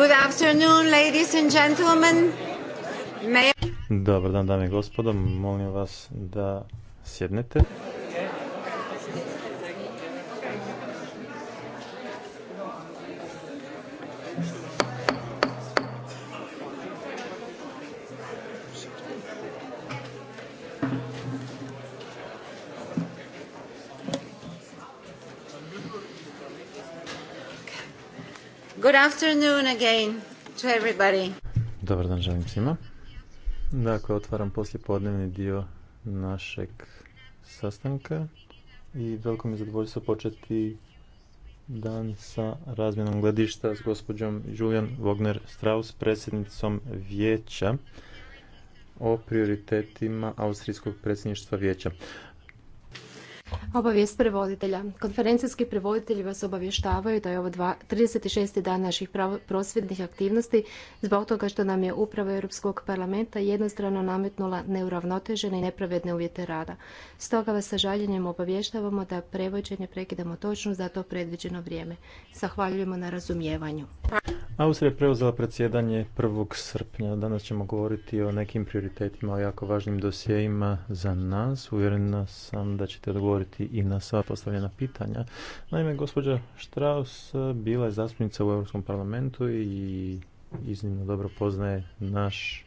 Good afternoon, ladies and gentlemen. May... Dobar dan, dame i gospodo. Molim vas da sjednete. afternoon again to everybody. Dobar dan želim svima. Dakle, otvaram poslijepodnevni dio našeg sastanka i veliko mi je zadovoljstvo početi dan sa razmjenom gledišta s gospođom Julian Wagner strauss predsjednicom vijeća o prioritetima Austrijskog predsjedništva vijeća. Obavijest prevoditelja. Konferencijski prevoditelji vas obavještavaju da je ovo 36. dan naših prosvjednih aktivnosti zbog toga što nam je uprava Europskog parlamenta jednostrano nametnula neuravnotežene i nepravedne uvjete rada. Stoga vas sa žaljenjem obavještavamo da prevođenje prekidamo točno za to predviđeno vrijeme. Zahvaljujemo na razumijevanju. Austrija je preuzela predsjedanje 1. srpnja. Danas ćemo govoriti o nekim prioritetima, o jako važnim dosjejima za nas. Uvjerena sam da ćete odgovoriti i na sva postavljena pitanja. Naime, gospođa Strauss bila je zastupnica u Europskom parlamentu i iznimno dobro poznaje naš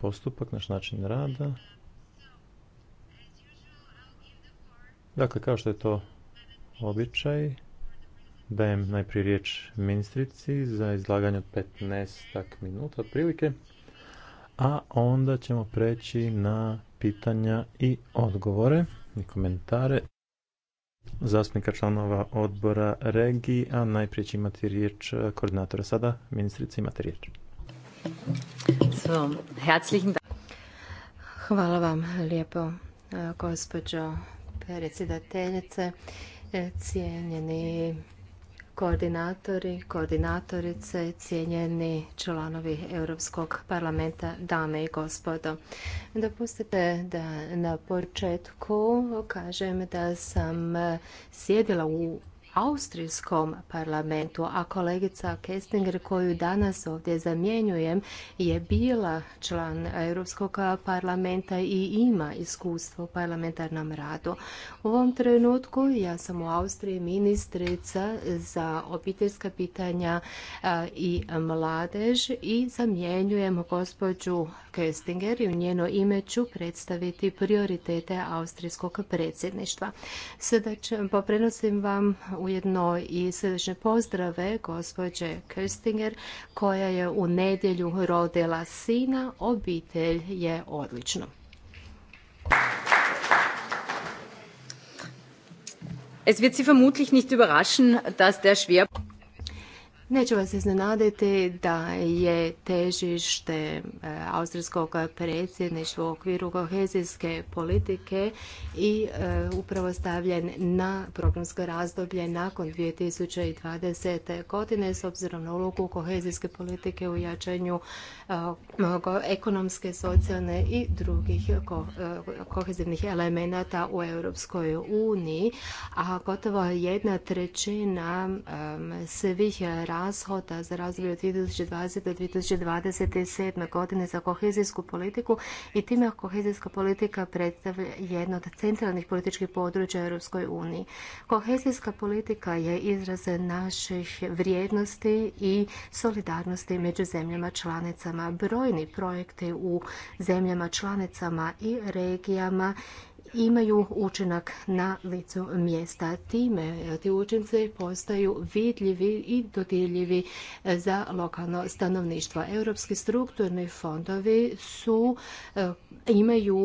postupak, naš način rada. Dakle, kao što je to običaj, dajem najprije riječ ministrici za izlaganje od 15 minuta otprilike, a onda ćemo preći na pitanja i odgovore i komentare zastupnika članova odbora regiji, a najprije će imati riječ koordinatora. Sada, ministrici, imate riječ. Hvala vam lijepo, gospođo predsjedateljice, cijenjeni koordinatori, koordinatorice, cijenjeni članovi Europskog parlamenta, dame i gospodo. Dopustite da na početku kažem da sam sjedila u austrijskom parlamentu, a kolegica Kestinger koju danas ovdje zamjenjujem je bila član Europskog parlamenta i ima iskustvo u parlamentarnom radu. U ovom trenutku ja sam u Austriji ministrica za obiteljska pitanja i mladež i zamjenjujem gospođu Köstinger i u njeno ime ću predstaviti prioritete austrijskog predsjedništva. Sada ću, poprenosim pa vam ujedno i srdačne pozdrave gospođe Köstinger koja je u nedjelju rodila sina, obitelj je odlično. Es wird Sie vermutlich nicht überraschen, dass der Neće vas iznenaditi da je težište eh, austrijskog predsjedništva u okviru kohezijske politike i eh, upravo stavljen na programsko razdoblje nakon 2020. godine s obzirom na ulogu kohezijske politike u jačanju eh, ekonomske, socijalne i drugih kohezivnih elemenata u Europskoj uniji, a gotovo jedna trećina svih razloga rashoda za razdoblje od 2020. do 2027. godine za kohezijsku politiku i time kohezijska politika predstavlja jedno od centralnih političkih područja Europskoj uniji. Kohezijska politika je izraz naših vrijednosti i solidarnosti među zemljama članicama. Brojni projekti u zemljama članicama i regijama imaju učinak na licu mjesta. Time ti učinci postaju vidljivi i dodirljivi e, za lokalno stanovništvo. Europski strukturni fondovi su, e, imaju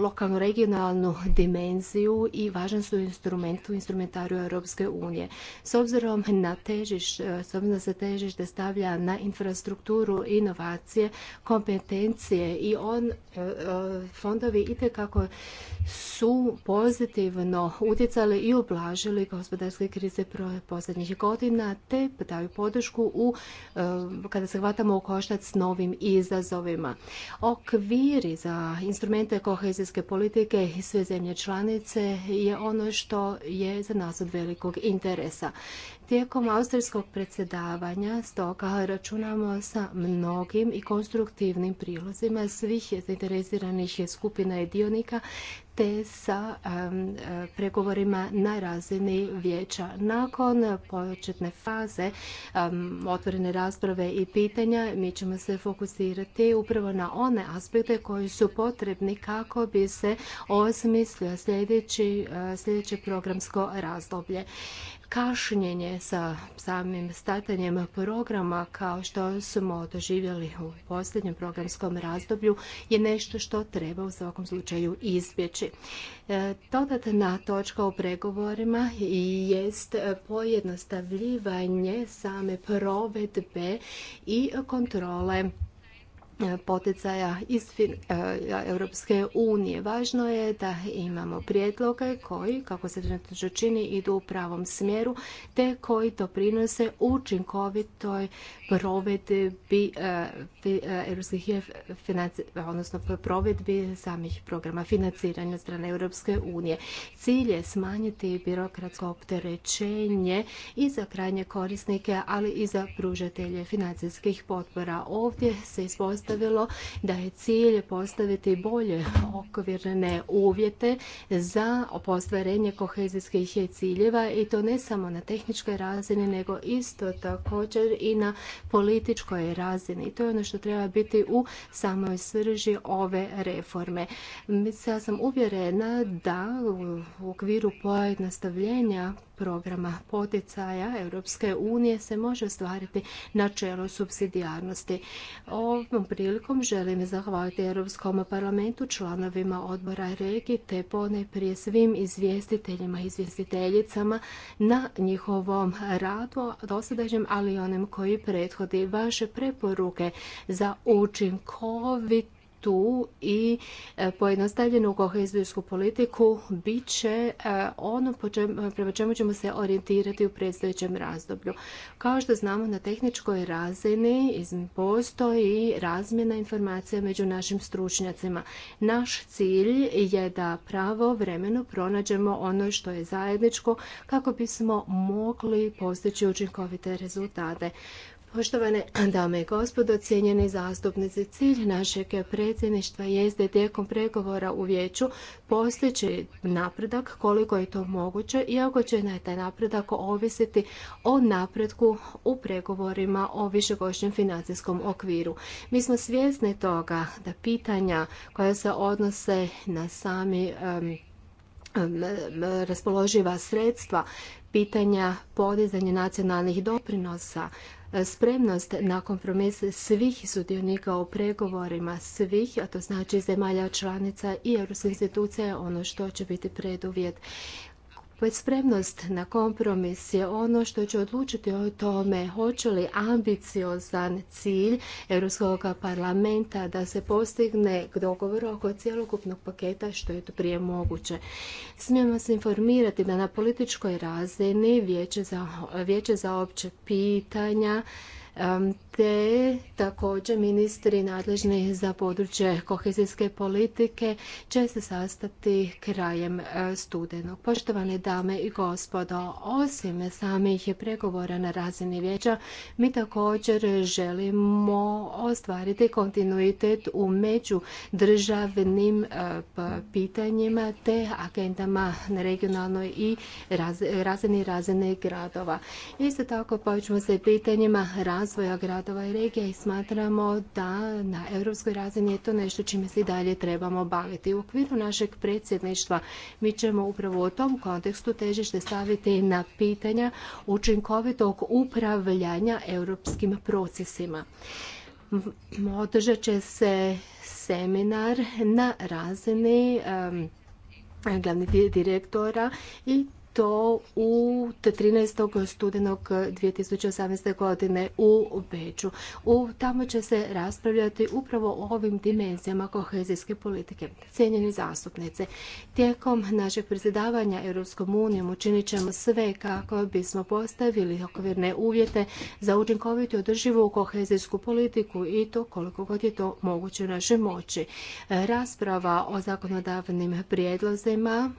lokalnu regionalnu dimenziju i važan su instrument u instrumentariju Europske unije. S obzirom na težiš, e, s obzirom da se težište stavlja na infrastrukturu, inovacije, kompetencije i on fondovi itekako su su pozitivno utjecali i oblažili gospodarske krize posljednjih godina te daju podršku u, eh, kada se hvatamo u koštac s novim izazovima. Okviri za instrumente kohezijske politike i sve zemlje članice je ono što je za nas od velikog interesa. Tijekom austrijskog predsjedavanja stoga računamo sa mnogim i konstruktivnim prilozima svih zainteresiranih skupina i dionika te sa e, pregovorima na razini vijeća. Nakon početne faze otvorene rasprave i pitanja mi ćemo se fokusirati upravo na one aspekte koji su potrebni kako bi se osmislio e, sljedeće programsko razdoblje kašnjenje sa samim statanjem programa kao što smo doživjeli u posljednjem programskom razdoblju je nešto što treba u svakom slučaju izbjeći. E, dodatna točka u pregovorima jest pojednostavljivanje same provedbe i kontrole poticaja iz eh, Europske unije. Važno je da imamo prijedloge koji, kako se trenutno čini, idu u pravom smjeru, te koji doprinose učinkovitoj provedbi eh, eh, europskih odnosno provedbi samih programa financiranja od strane Europske unije. Cilj je smanjiti birokratsko opterećenje i za krajnje korisnike, ali i za pružatelje financijskih potpora. Ovdje se ispostavlja stavilo da je cilj postaviti bolje okvirne uvjete za postvarenje kohezijskih ciljeva i to ne samo na tehničkoj razini, nego isto također i na političkoj razini. I to je ono što treba biti u samoj srži ove reforme. Ja sam uvjerena da u okviru pojednostavljenja programa poticaja Europske unije se može ostvariti načelo subsidijarnosti. Ovom prilikom želim zahvaliti Europskom parlamentu, članovima odbora regi te pone prije svim izvjestiteljima i izvjestiteljicama na njihovom radu dosadašnjem, ali i onim koji prethodi vaše preporuke za učinkovit tu i e, pojednostavljenu kohezijsku politiku bit će e, ono prema čemu ćemo se orijentirati u predstojećem razdoblju. Kao što znamo na tehničkoj razini postoji razmjena informacija među našim stručnjacima. Naš cilj je da pravo vremeno pronađemo ono što je zajedničko kako bismo mogli postići učinkovite rezultate. Poštovane dame i gospodo, cijenjeni zastupnici, cilj našeg predsjedništva jeste tijekom pregovora u vijeću postići napredak koliko je to moguće, iako će na taj napredak ovisiti o napretku u pregovorima o višegošnjem financijskom okviru. Mi smo svjesni toga da pitanja koja se odnose na sami raspoloživa sredstva, pitanja podizanja nacionalnih doprinosa, E, spremnost na kompromis svih sudionika u pregovorima, svih, a to znači zemalja članica i europskih institucija ono što će biti preduvjet već spremnost na kompromis je ono što će odlučiti o tome hoće li ambiciozan cilj Europskog parlamenta da se postigne dogovor oko cjelokupnog paketa što je to prije moguće. Smijemo se informirati da na političkoj razini Vijeće za, vijeće za opće pitanja te također ministri nadležni za područje kohezijske politike će se sastati krajem e, studenog. Poštovane dame i gospodo, osim samih pregovora na razini vijeća, mi također želimo ostvariti kontinuitet u među državnim e, pitanjima te agendama na regionalnoj i razini razine gradova. Isto tako ćemo se pitanjima razvoja grada gradova i regija i smatramo da na europskoj razini je to nešto čime se i dalje trebamo baviti. U okviru našeg predsjedništva mi ćemo upravo u tom kontekstu težište staviti na pitanja učinkovitog upravljanja europskim procesima. Održat će se seminar na razini glavnih direktora i to u 13. studenog 2018. godine u Beču. U, tamo će se raspravljati upravo o ovim dimenzijama kohezijske politike. Cijenjeni zastupnice, tijekom našeg predsjedavanja Europskom unijom učinit ćemo sve kako bismo postavili okvirne uvjete za učinkovitu održivu kohezijsku politiku i to koliko god je to moguće u našoj moći. Rasprava o zakonodavnim prijedlozima,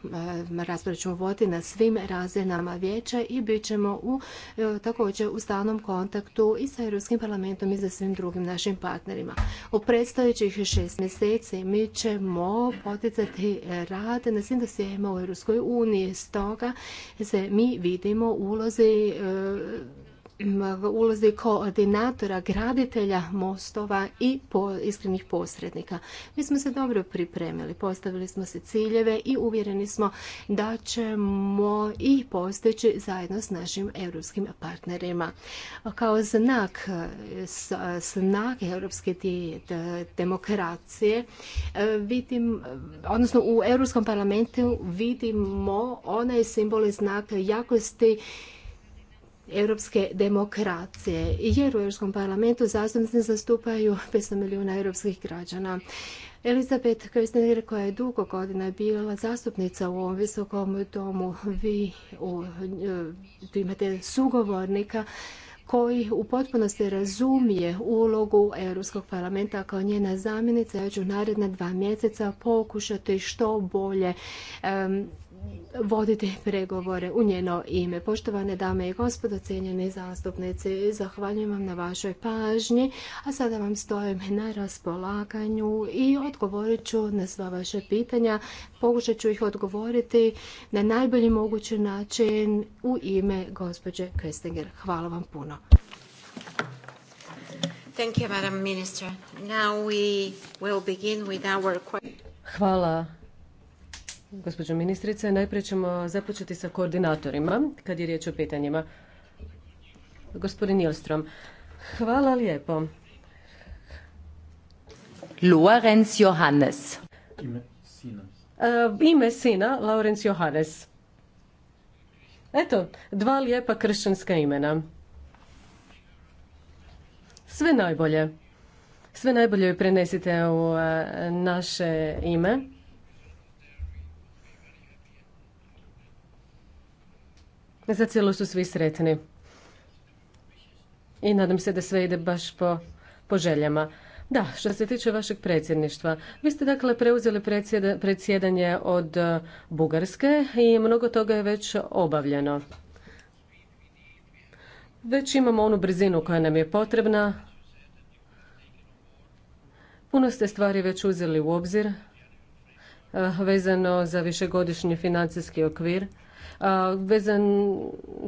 e, rasprava ćemo voditi na svim svim razinama vijeća i bit ćemo u, e, također u stalnom kontaktu i sa Europskim parlamentom i sa svim drugim našim partnerima. U predstojećih šest mjeseci mi ćemo poticati rad na svim dosijema u Europskoj uniji. Stoga se mi vidimo u ulozi e, ulozi koordinatora, graditelja mostova i po, iskrenih posrednika. Mi smo se dobro pripremili, postavili smo se ciljeve i uvjereni smo da ćemo i postići zajedno s našim europskim partnerima. Kao znak snage europske demokracije e, vidim, odnosno u Europskom parlamentu vidimo onaj simbol i znak jakosti europske demokracije, jer u Europskom parlamentu zastupnici zastupaju 500 milijuna europskih građana. Elizabeth Köstner, koja je dugo godina bila zastupnica u ovom visokom domu, vi e, imate sugovornika koji u potpunosti razumije ulogu Europskog parlamenta kao njena zamjenica. Ja ću naredna dva mjeseca pokušati što bolje voditi pregovore u njeno ime. Poštovane dame i gospodo, cijenjeni zastupnici, zahvaljujem vam na vašoj pažnji, a sada vam stojim na raspolaganju i odgovorit ću na sva vaše pitanja. Pokušat ću ih odgovoriti na najbolji mogući način u ime gospođe Köstinger. Hvala vam puno. Madam Minister. Now we Hvala Gospođo ministrice, najprije ćemo započeti sa koordinatorima kad je riječ o pitanjima. Gospodin Ilstrom, hvala lijepo. Lorenz Johannes. Ime sina. E, ime sina, Lorenz Johannes. Eto, dva lijepa kršćanska imena. Sve najbolje. Sve najbolje prenesite u e, naše ime. Za cijelo su svi sretni. I nadam se da sve ide baš po, po željama. Da, što se tiče vašeg predsjedništva, vi ste dakle preuzeli predsjedanje od e, Bugarske i mnogo toga je već obavljeno. Već imamo onu brzinu koja nam je potrebna. Puno ste stvari već uzeli u obzir e, vezano za višegodišnji financijski okvir. Vezan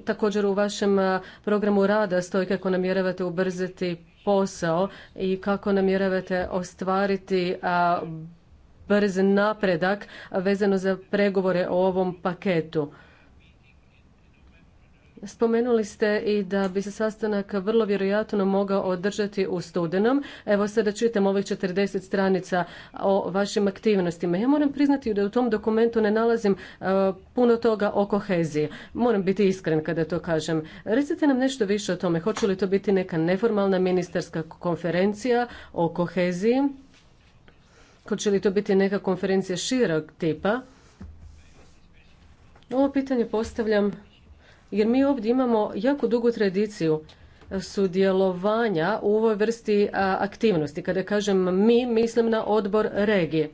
također u vašem programu rada stoji kako namjeravate ubrzati posao i kako namjeravate ostvariti brz napredak vezano za pregovore o ovom paketu. Spomenuli ste i da bi se sastanak vrlo vjerojatno mogao održati u studenom. Evo sada čitam ovih 40 stranica o vašim aktivnostima. Ja moram priznati da u tom dokumentu ne nalazim e, puno toga o koheziji. Moram biti iskren kada to kažem. Recite nam nešto više o tome. Hoće li to biti neka neformalna ministarska konferencija o koheziji? Hoće li to biti neka konferencija širog tipa? Ovo pitanje postavljam jer mi ovdje imamo jako dugu tradiciju eh, sudjelovanja u ovoj vrsti eh, aktivnosti. Kada kažem mi, mislim na odbor regije.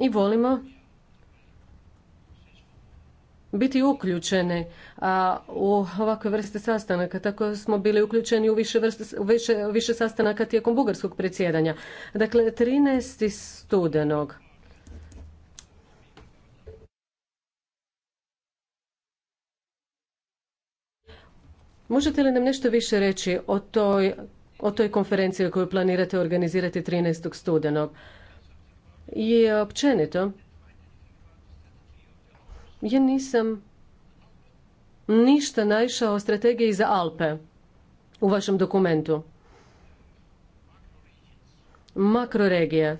I volimo biti uključene u ovakve vrste sastanaka. Tako smo bili uključeni u više, vrste, više, više sastanaka tijekom bugarskog predsjedanja. Dakle, 13. studenog Možete li nam nešto više reći o toj, o toj konferenciji koju planirate organizirati 13. studenog? I općenito, ja nisam ništa naišao o strategiji za Alpe u vašem dokumentu. Makroregije.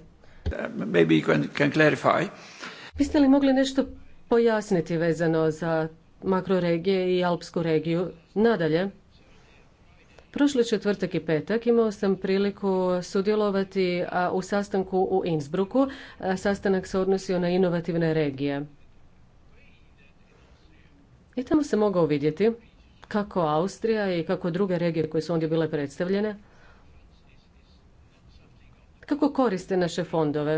Maybe can clarify. Biste li mogli nešto pojasniti vezano za makroregije i alpsku regiju? Nadalje, Prošli četvrtak i petak imao sam priliku sudjelovati u sastanku u Innsbrucku. Sastanak se odnosio na inovativne regije. I tamo se mogao vidjeti kako Austrija i kako druge regije koje su ondje bile predstavljene, kako koriste naše fondove.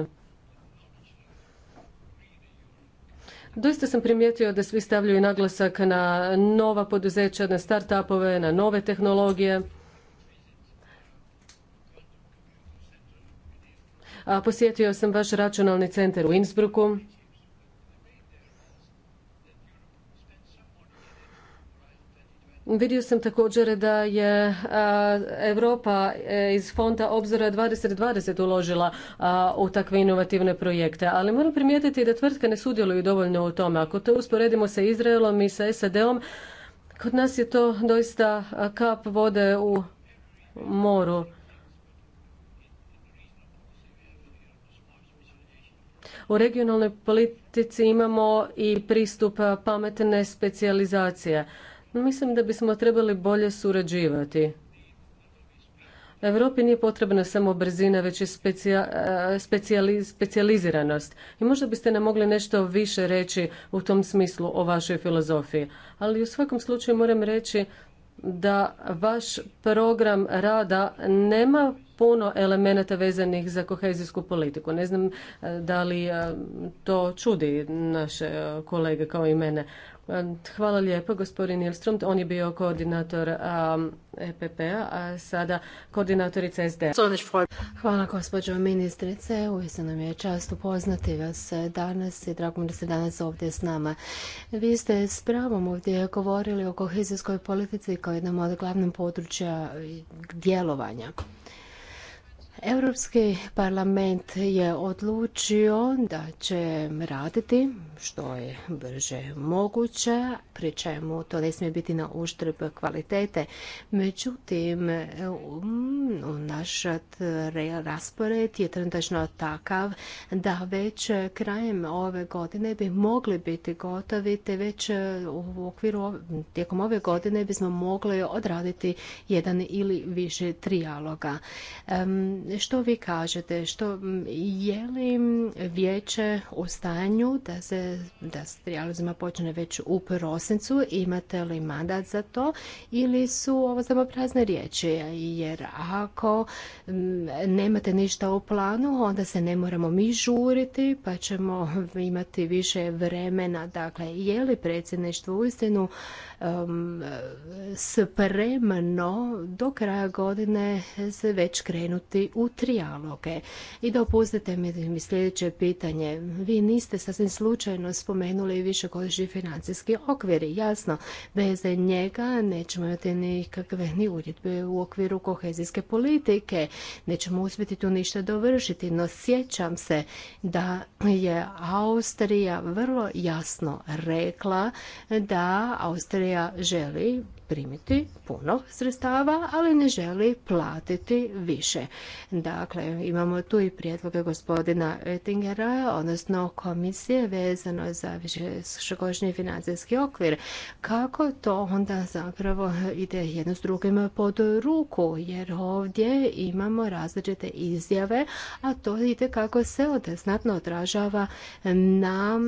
Doista sam primijetio da svi stavljaju naglasak na nova poduzeća, na start-upove, na nove tehnologije. Posjetio sam vaš računalni centar u Innsbrucku. Vidio sam također da je Europa e, iz fonda Obzora 2020 uložila u takve inovativne projekte, ali moram primijetiti da tvrtke ne sudjeluju dovoljno u tome. Ako to usporedimo sa Izraelom i sa SAD-om, kod nas je to doista kap vode u moru. U regionalnoj politici imamo i pristup pametne specijalizacije. Mislim da bismo trebali bolje surađivati. Europi nije potrebna samo brzina, već i specijaliziranost. I možda biste nam mogli nešto više reći u tom smislu o vašoj filozofiji. Ali u svakom slučaju moram reći da vaš program rada nema puno elemenata vezanih za kohezijsku politiku. Ne znam da li to čudi naše kolege kao i mene, Hvala lijepo, gospodin Ilstrom. On je bio koordinator um, EPP-a, a sada koordinatorica SD. Hvala, gospođo ministrice. uvijek nam je čast upoznati vas danas i drago mi da ste danas ovdje s nama. Vi ste s pravom ovdje govorili o kohezijskoj politici kao jednom od glavnim područja djelovanja. Europski parlament je odlučio da će raditi što je brže moguće, pri čemu to ne smije biti na uštrb kvalitete. Međutim, naš raspored je trenutačno takav da već krajem ove godine bi mogli biti gotovi, te već u okviru tijekom ove godine bismo mogli odraditi jedan ili više trijaloga što vi kažete, što je li vijeće u stanju da se da s počne već u prosincu, imate li mandat za to ili su ovo samo prazne riječi, jer ako nemate ništa u planu, onda se ne moramo mi žuriti, pa ćemo imati više vremena. Dakle, je li predsjedništvo uistinu um, spremno do kraja godine se već krenuti u trijaloge. I dopustite mi sljedeće pitanje. Vi niste sasvim slučajno spomenuli višegodišnji financijski okvir. Jasno bez njega nećemo imati nikakve ni uredbe u okviru kohezijske politike. Nećemo uspjeti tu ništa dovršiti, no sjećam se da je Austrija vrlo jasno rekla da Austrija želi primiti puno sredstava, ali ne želi platiti više. Dakle, imamo tu i prijedloge gospodina Oettingera, odnosno komisije vezano za višegodišnji financijski okvir. Kako to onda zapravo ide jedno s drugim pod ruku, jer ovdje imamo različite izjave, a to ide kako se znatno odražava na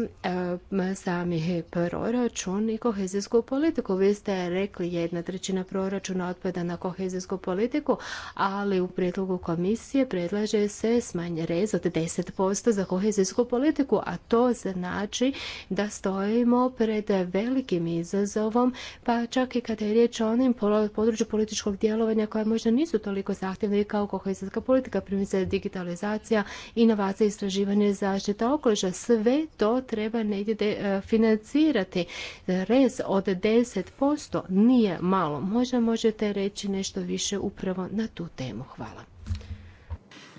e, sami proračun i kohezijsku politiku. Vi ste rekli jedna trećina proračuna otpada na kohezijsku politiku, ali u prijedlogu komisije predlaže se smanj rez od 10% za kohezijsku politiku, a to znači da stojimo pred velikim izazovom, pa čak i kada je riječ o onim području političkog djelovanja koja možda nisu toliko zahtjevne kao kohezijska politika, primjerice digitalizacija, inovacija, istraživanje, zaštita okoliša. Sve to treba negdje e, financirati. Rez od 10% nije nije malo. Možda možete reći nešto više upravo na tu temu. Hvala.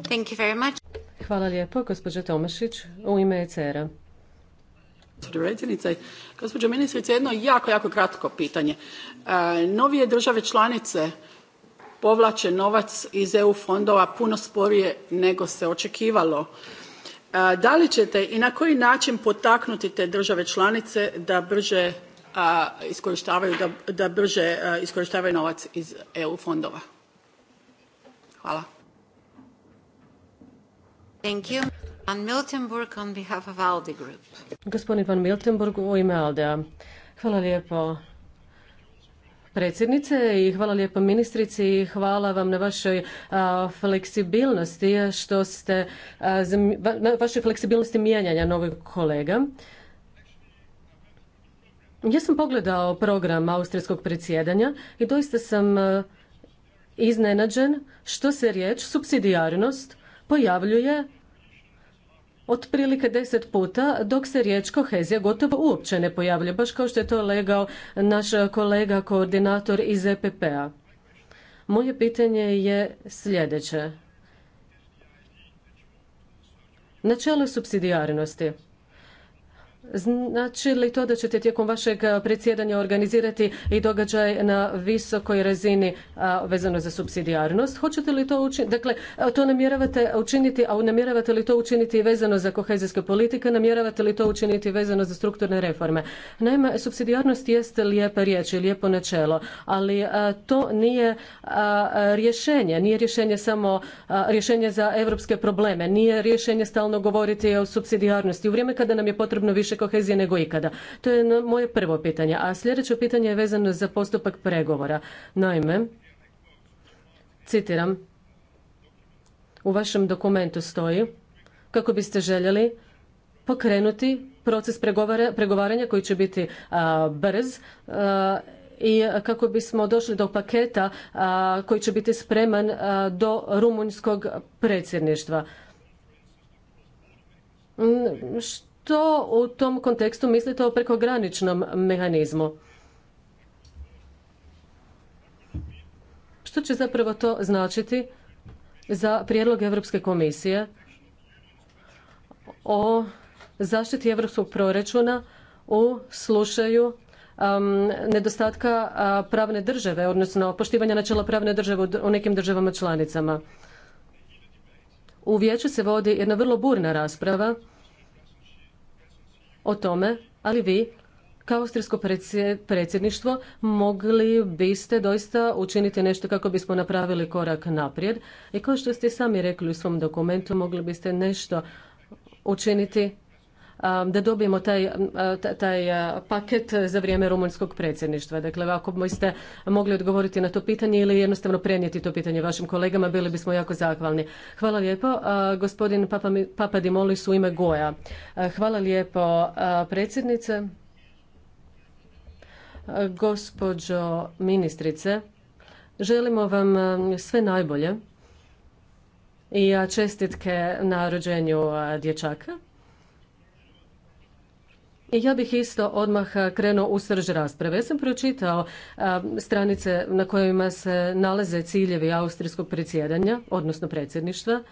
Thank Hvala lijepo, gospođa Tomašić, u ime ECR-a. gospođo ministrice, jedno jako, jako kratko pitanje. E, novije države članice povlače novac iz EU fondova puno sporije nego se očekivalo. E, da li ćete i na koji način potaknuti te države članice da brže iskorištavaju da, brže iskorištavaju novac iz EU fondova. Hvala. Thank you. Van Miltenburg on behalf of Aldi Group. Gospodin Van Miltenburg u ime Aldea. Hvala lijepo predsjednice i hvala lijepo ministrici i hvala vam na vašoj fleksibilnosti što ste, na vašoj fleksibilnosti mijenjanja novih kolega. Ja sam pogledao program austrijskog predsjedanja i doista sam e, iznenađen što se riječ subsidijarnost pojavljuje otprilike deset puta, dok se riječ kohezija gotovo uopće ne pojavljuje, baš kao što je to legao naš kolega koordinator iz EPP-a. Moje pitanje je sljedeće. Načelo subsidijarnosti. Znači li to da ćete tijekom vašeg eh, predsjedanja organizirati i događaj na visokoj razini vezano za subsidijarnost? Hoćete li to učiniti? Dakle, eh, to namjeravate učiniti, a namjeravate li to učiniti vezano za kohezijske politike? Namjeravate li to učiniti vezano za strukturne reforme? Naime, subsidijarnost jest lijepa riječ i lijepo načelo, ali eh, to nije rješenje. Nije rješenje samo rješenje za europske probleme. Nije rješenje stalno govoriti o subsidijarnosti. U vrijeme kada nam je potrebno više više kohezije nego ikada? To je moje prvo pitanje. A sljedeće pitanje je vezano za postupak pregovora. Naime, citiram, u vašem dokumentu stoji kako biste željeli pokrenuti proces pregovaranja koji će biti brz i kako bismo došli do paketa koji će biti spreman do rumunjskog predsjedništva. To u tom kontekstu mislite o prekograničnom mehanizmu? Što će zapravo to značiti za prijedlog Europske komisije o zaštiti Evropskog proračuna u slušaju um, nedostatka pravne države, odnosno poštivanja načela pravne države u nekim državama članicama. U vijeću se vodi jedna vrlo burna rasprava o tome, ali vi kao austrijsko predsjedništvo mogli biste doista učiniti nešto kako bismo napravili korak naprijed i kao što ste sami rekli u svom dokumentu mogli biste nešto učiniti Um, da dobijemo taj, um, uh, uh, paket za vrijeme rumunjskog predsjedništva. Dakle, ako biste mogli odgovoriti na to pitanje ili jednostavno prenijeti to pitanje vašim kolegama, bili bismo jako zahvalni. Hvala lijepo. Uh, gospodin Papadimolis Papa u ime Goja. Hvala lijepo predsjednice. Gospođo ministrice, želimo vam um, sve najbolje i čestitke na rođenju dječaka. E, ja bih isto odmah e, krenuo u srž rasprave. Ja sam pročitao e, stranice na kojima se nalaze ciljevi austrijskog predsjedanja, odnosno predsjedništva,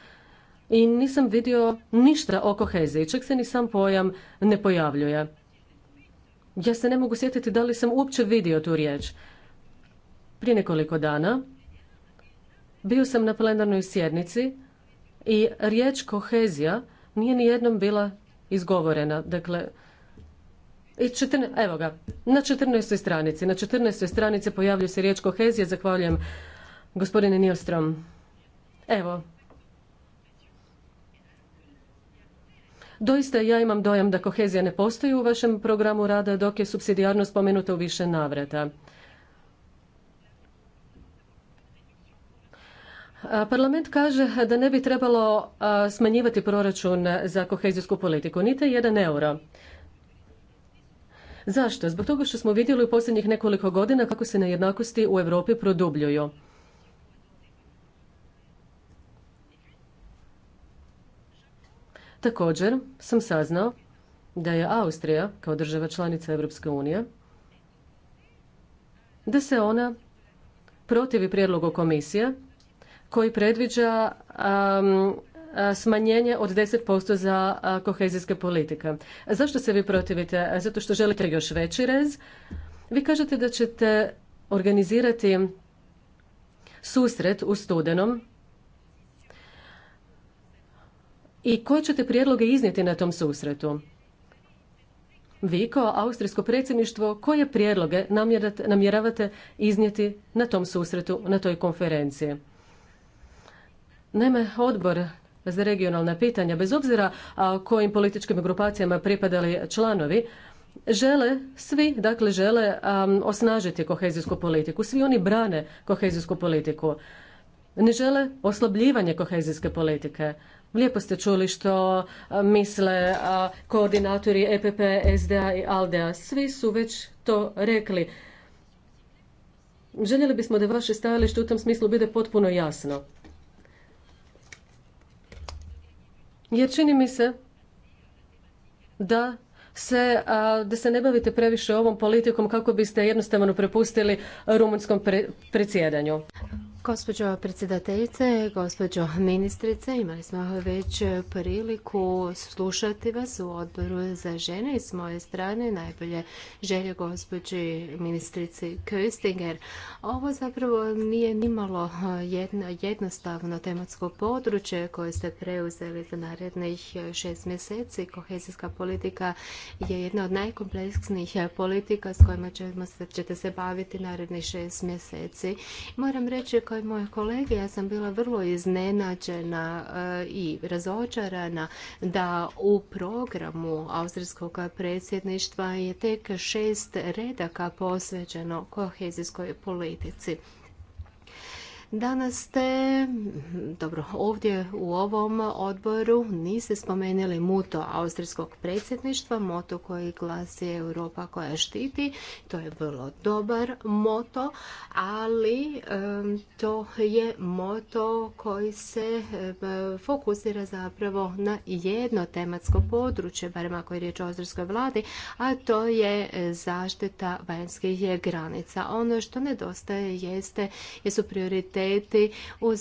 i nisam vidio ništa o koheziji, čak se ni sam pojam ne pojavljuje. Ja se ne mogu sjetiti da li sam uopće vidio tu riječ. Prije nekoliko dana bio sam na plenarnoj sjednici i riječ kohezija nije ni jednom bila izgovorena. Dakle, i evo ga, na 14. stranici. Na 14. stranici pojavljuje se riječ kohezija. Zahvaljujem gospodine Nilstrom. Evo. Doista ja imam dojam da kohezija ne postoji u vašem programu rada dok je subsidijarnost spomenuta u više navrata. Parlament kaže da ne bi trebalo smanjivati proračun za kohezijsku politiku, niti jedan euro. Zašto? Zbog toga što smo vidjeli u posljednjih nekoliko godina kako se nejednakosti u Europi produbljuju. Također sam saznao da je Austrija kao država članica Europske unije da se ona protivi prijedlogu komisije koji predviđa E, smanjenje od 10% za e, kohezijske politike. Zašto se vi protivite? Zato što želite još veći rez. Vi kažete da ćete organizirati susret u studenom i koje ćete prijedloge iznijeti na tom susretu? Vi kao austrijsko predsjedništvo koje prijedloge namjeravate iznijeti na tom susretu, na toj konferenciji? Naime, odbor za regionalna pitanja, bez obzira kojim političkim grupacijama pripadali članovi, žele, svi dakle žele osnažiti kohezijsku politiku, svi oni brane kohezijsku politiku. Ne žele oslabljivanje kohezijske politike. Lijepo ste čuli što misle koordinatori EPP, SDA i ALDEA. Svi su već to rekli. Željeli bismo da vaše stajalište u tom smislu bude potpuno jasno. jer čini mi se da se, da se ne bavite previše ovom politikom kako biste jednostavno prepustili rumunskom predsjedanju. Gospođo predsjedateljice, gospođo ministrice, imali smo već priliku slušati vas u odboru za žene i s moje strane najbolje želje gospođi ministrici Köstinger. Ovo zapravo nije nimalo jednostavno tematsko područje koje ste preuzeli za narednih šest mjeseci. Kohezijska politika je jedna od najkompleksnijih politika s kojima ćemo, ćete se baviti narednih šest mjeseci. Moram reći kao moje kolege, ja sam bila vrlo iznenađena e, i razočarana da u programu austrijskog predsjedništva je tek šest redaka posvećeno kohezijskoj politici. Danas ste, dobro, ovdje u ovom odboru niste spomenuli muto austrijskog predsjedništva, moto koji glasi Europa koja štiti. To je vrlo dobar moto, ali to je moto koji se fokusira zapravo na jedno tematsko područje, barem ako je riječ o austrijskoj vladi, a to je zaštita vanjskih granica. Ono što nedostaje jeste, jesu prioritet prioriteti, u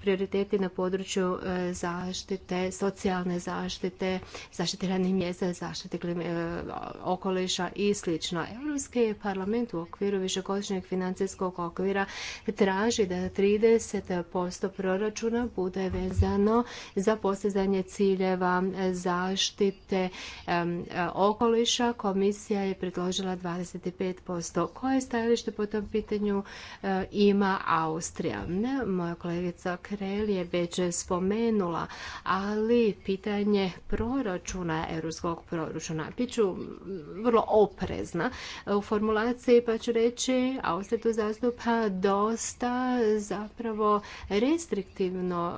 prioriteti na području e, zaštite, socijalne zaštite, zaštite radnih mjesta, zaštite e, okoliša i sl. Europski parlament u okviru višegodišnjeg financijskog okvira traži da 30% proračuna bude vezano za postizanje ciljeva zaštite okoliša. Komisija je predložila 25%. Koje stajalište po tom pitanju e, ima Austrija? Moja kolegica Krel je već spomenula, ali pitanje proračuna, europskog proračuna, bit ću vrlo oprezna u formulaciji, pa ću reći, a tu zastupa dosta zapravo restriktivno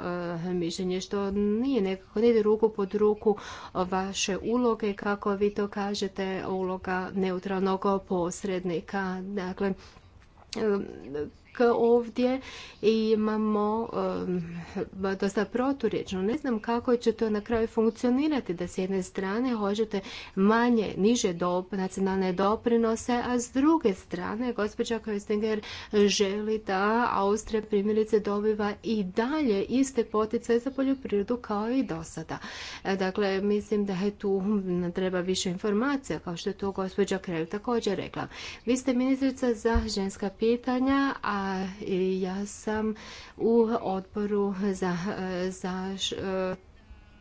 eh, mišljenje, što nije nekako, ne ide ruku pod ruku vaše uloge, kako vi to kažete, uloga neutralnog posrednika. Dakle, ovdje i imamo um, dosta proturječno. Ne znam kako će to na kraju funkcionirati, da s jedne strane hoćete manje, niže do, nacionalne doprinose, a s druge strane gospođa Kostinger želi da Austrija primjerice dobiva i dalje iste poticaje za poljoprivredu kao i do sada. E, dakle, mislim da je tu treba više informacija, kao što je to gospođa Krel također rekla. Vi ste ministrica za ženska pitanja, a ja sam u odboru za, za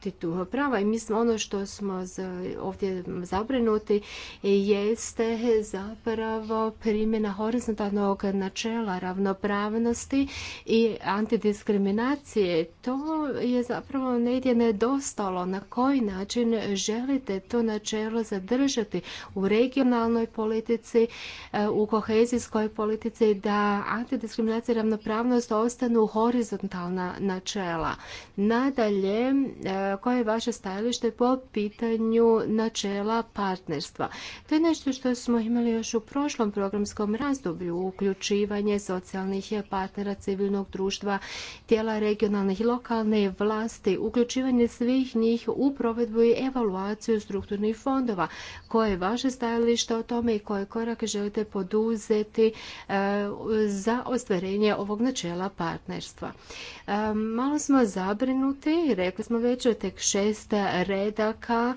zaštitu prava i mi ono što smo ovdje zabrinuti jeste zapravo primjena horizontalnog načela ravnopravnosti i antidiskriminacije. To je zapravo negdje nedostalo na koji način želite to načelo zadržati u regionalnoj politici, e, u kohezijskoj politici da antidiskriminacija i ravnopravnost ostanu horizontalna načela. Nadalje, e, E, koje je vaše stajalište po pitanju načela partnerstva. To je nešto što smo imali još u prošlom programskom razdoblju, uključivanje socijalnih partnera civilnog društva, tijela regionalnih i lokalne vlasti, uključivanje svih njih u provedbu i evaluaciju strukturnih fondova. Koje je vaše stajalište o tome i koje korake želite poduzeti e, za ostvarenje ovog načela partnerstva? E, malo smo zabrinuti, rekli smo već, šest redaka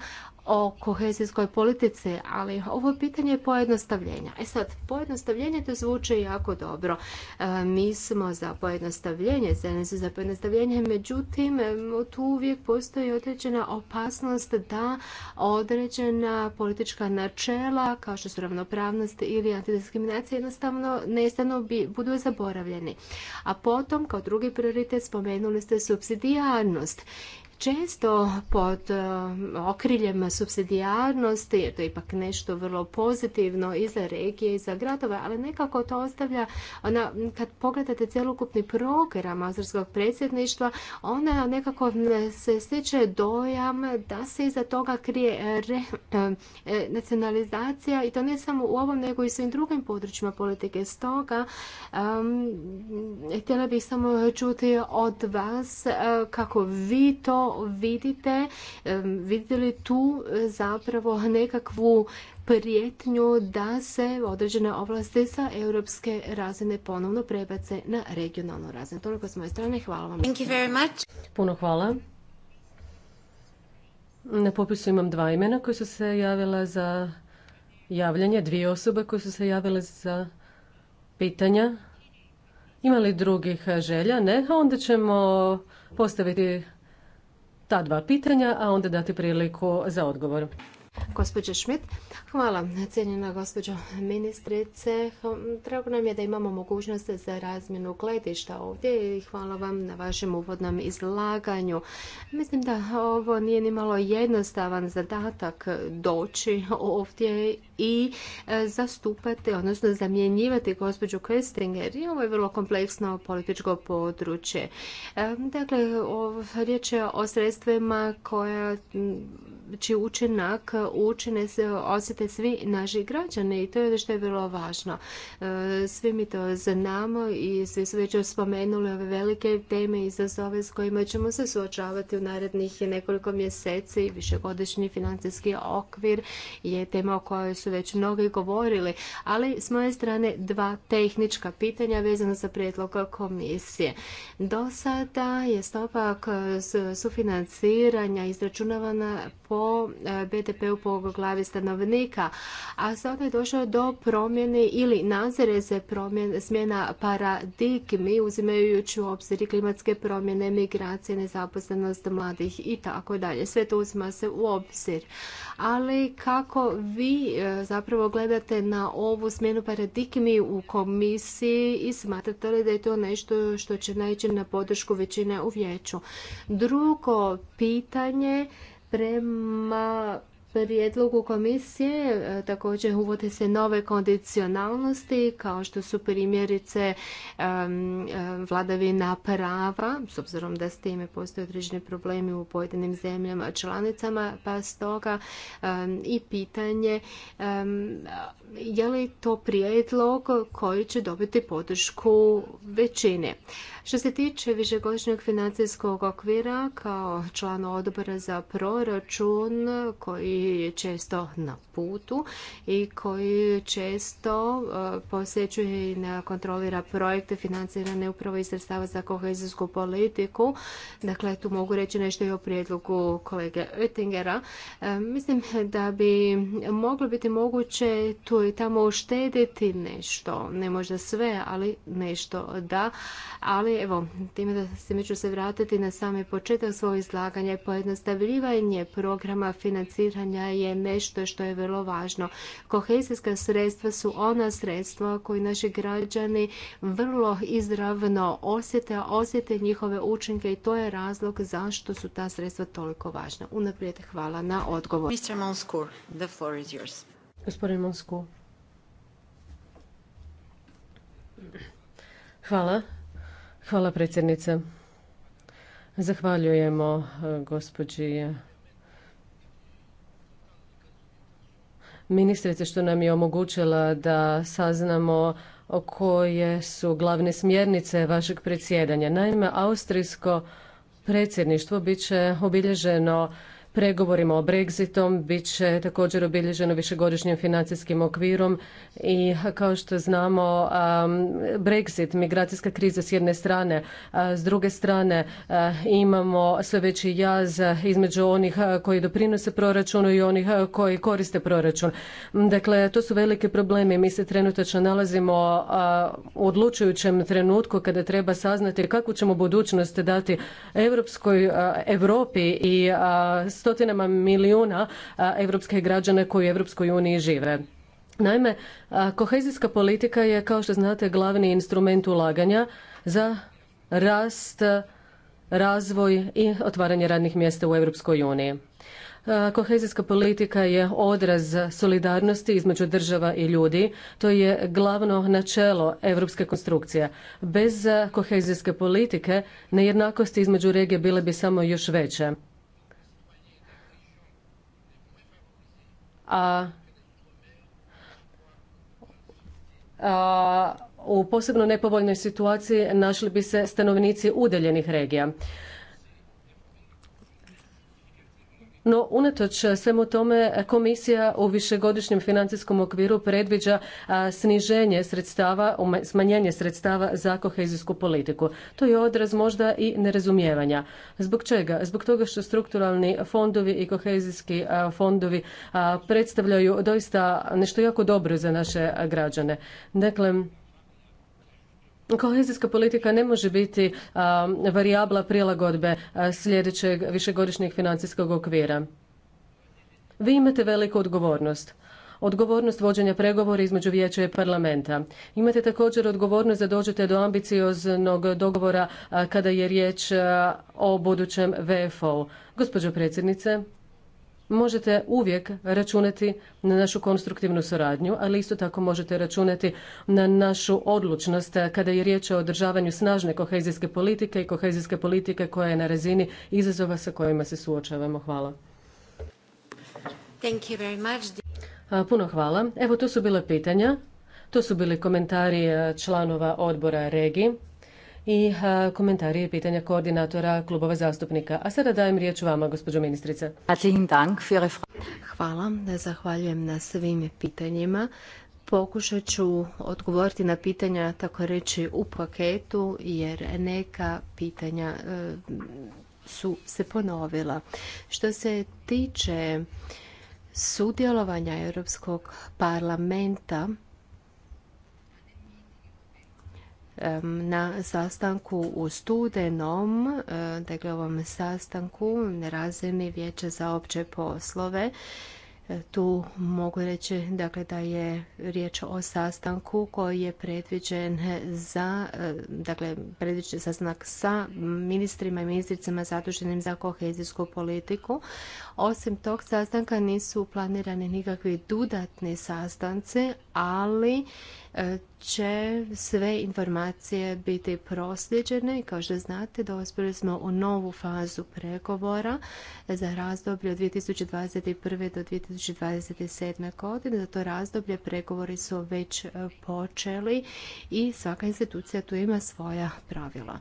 o kohezijskoj politici, ali ovo je pitanje pojednostavljenja. E sad, pojednostavljenje to zvuče jako dobro. E, mi smo za pojednostavljenje, zene su za pojednostavljenje, međutim, tu uvijek postoji određena opasnost da određena politička načela, kao što su ravnopravnost ili antidiskriminacija, jednostavno bi, budu zaboravljeni. A potom, kao drugi prioritet, spomenuli ste subsidijarnost često pod e, okriljem subsidijarnosti, jer to je ipak nešto vrlo pozitivno i za regije i za gradove, ali nekako to ostavlja, kad pogledate cjelokupni program Azorskog predsjedništva, ona nekako se stiče dojam da se iza toga krije e, e, nacionalizacija i to ne samo u ovom, nego i svim drugim područjima politike. Stoga, htjela bih samo čuti od vas kako vi to vidite, vidite li tu e, zapravo nekakvu prijetnju da se određene ovlasti sa europske razine ponovno prebace na regionalnu razinu. Toliko s moje strane, hvala vam. Thank you very Puno hvala. Na popisu imam dva imena koje su se javila za javljanje, dvije osobe koje su se javile za pitanja. Ima li drugih želja? Ne, onda ćemo postaviti ta dva pitanja, a onda dati priliku za odgovor. Gospođo Šmit, hvala cijenjena gospođo ministrice. Drago nam je da imamo mogućnost za razmjenu gledišta ovdje i hvala vam na vašem uvodnom izlaganju. Mislim da ovo nije ni malo jednostavan zadatak doći ovdje i e, zastupati, odnosno zamjenjivati gospođu Kestinger I ovo je vrlo kompleksno političko područje. E, dakle, riječ je o sredstvima koja čiji znači, učinak učine se, osjete svi naši građani i to je ono što je vrlo važno. E, svi mi to znamo i svi su već spomenuli ove velike teme i izazove s kojima ćemo se suočavati u narednih nekoliko mjeseci. Višegodišnji financijski okvir je tema o kojoj su već mnogi govorili, ali s moje strane dva tehnička pitanja vezana za prijedlog komisije. Do sada je stopak sufinanciranja izračunavana po o e, BDP-u po glavi stanovnika. A sada je došlo do promjene ili nazire se smjena paradigmi uzimajući u obzir klimatske promjene, migracije, nezaposlenost mladih i tako dalje. Sve to uzima se u obzir. Ali kako vi e, zapravo gledate na ovu smjenu paradigmi u komisiji i smatrate li da je to nešto što će naići na podršku većine u vijeću? Drugo pitanje Prema prijedlogu komisije e, također uvode se nove kondicionalnosti kao što su primjerice e, vladavina prava, s obzirom da s time postoje određeni problemi u pojedinim zemljama članicama, pa stoga i pitanje je li to prijedlog koji će dobiti podršku većine. Što se tiče višegodišnjeg financijskog okvira, kao član odbora za proračun koji je često na putu i koji često e, posjećuje i kontrolira projekte financirane upravo iz sredstava za kohezijsku politiku. Dakle, tu mogu reći nešto i o prijedlogu kolege Oettingera. E, mislim da bi moglo biti moguće tu i tamo uštediti nešto, ne možda sve, ali nešto da, ali evo, time da se ću se vratiti na sami početak svog izlaganja. Pojednostavljivanje programa financiranja je nešto što je vrlo važno. Kohezijska sredstva su ona sredstva koji naši građani vrlo izravno osjete, osjete njihove učinke i to je razlog zašto su ta sredstva toliko važna. Unaprijed hvala na odgovor. Mr. Monskur, the floor is yours. Gospodin Monskur. Hvala. Hvala predsjednice. Zahvaljujemo e, gospođi ministrice što nam je omogućila da saznamo koje su glavne smjernice vašeg predsjedanja. Naime, austrijsko predsjedništvo bit će obilježeno pregovorima o Brexitom bit će također obilježeno višegodišnjim financijskim okvirom i kao što znamo Brexit, migracijska kriza s jedne strane, s druge strane imamo sve veći jaz između onih koji doprinose proračunu i onih koji koriste proračun. Dakle, to su veliki problemi. Mi se trenutačno nalazimo u odlučujućem trenutku kada treba saznati kakvu ćemo budućnost dati europskoj Europi i stotinama milijuna europske građane koji u Europskoj uniji žive. Naime, kohezijska politika je, kao što znate, glavni instrument ulaganja za rast, razvoj i otvaranje radnih mjesta u Europskoj uniji. Kohezijska politika je odraz solidarnosti između država i ljudi. To je glavno načelo europske konstrukcije. Bez kohezijske politike nejednakosti između regije bile bi samo još veće. a, u posebno nepovoljnoj situaciji našli bi se stanovnici udeljenih regija. No, unatoč svemu tome, komisija u višegodišnjem financijskom okviru predviđa sniženje sredstava, smanjenje sredstava za kohezijsku politiku. To je odraz možda i nerazumijevanja. Zbog čega? Zbog toga što strukturalni fondovi i kohezijski fondovi predstavljaju doista nešto jako dobro za naše građane. Dakle, Kohezijska politika ne može biti varijabla prilagodbe sljedećeg višegodišnjeg financijskog okvira. Vi imate veliku odgovornost. Odgovornost vođenja pregovora između vijeća i parlamenta. Imate također odgovornost da dođete do ambicioznog dogovora kada je riječ o budućem vfo Gospođo predsjednice, možete uvijek računati na našu konstruktivnu suradnju, ali isto tako možete računati na našu odlučnost kada je riječ o održavanju snažne kohezijske politike i kohezijske politike koja je na razini izazova sa kojima se suočavamo. Hvala. Puno hvala. Evo, to su bila pitanja. To su bili komentari članova odbora Regi i eh, komentari i pitanja koordinatora klubova zastupnika. A sada dajem riječ vama, gospođo ministrice. Hvala, zahvaljujem na svim pitanjima. Pokušat ću odgovoriti na pitanja, tako reći, u paketu, jer neka pitanja eh, su se ponovila. Što se tiče sudjelovanja Europskog parlamenta na sastanku u studenom, e, dakle ovom sastanku na razini Vijeća za opće poslove, e, tu mogu reći dakle, da je riječ o sastanku koji je predviđen za, e, dakle, predviđen sastanak sa ministrima i ministricama zaduženim za kohezijsku politiku. Osim tog sastanka nisu planirani nikakvi dodatni sastanci, ali će sve informacije biti prosljeđene i kao što znate dospjeli smo u novu fazu pregovora za razdoblje od 2021. do 2027. godine. Za to razdoblje pregovori su već e, počeli i svaka institucija tu ima svoja pravila.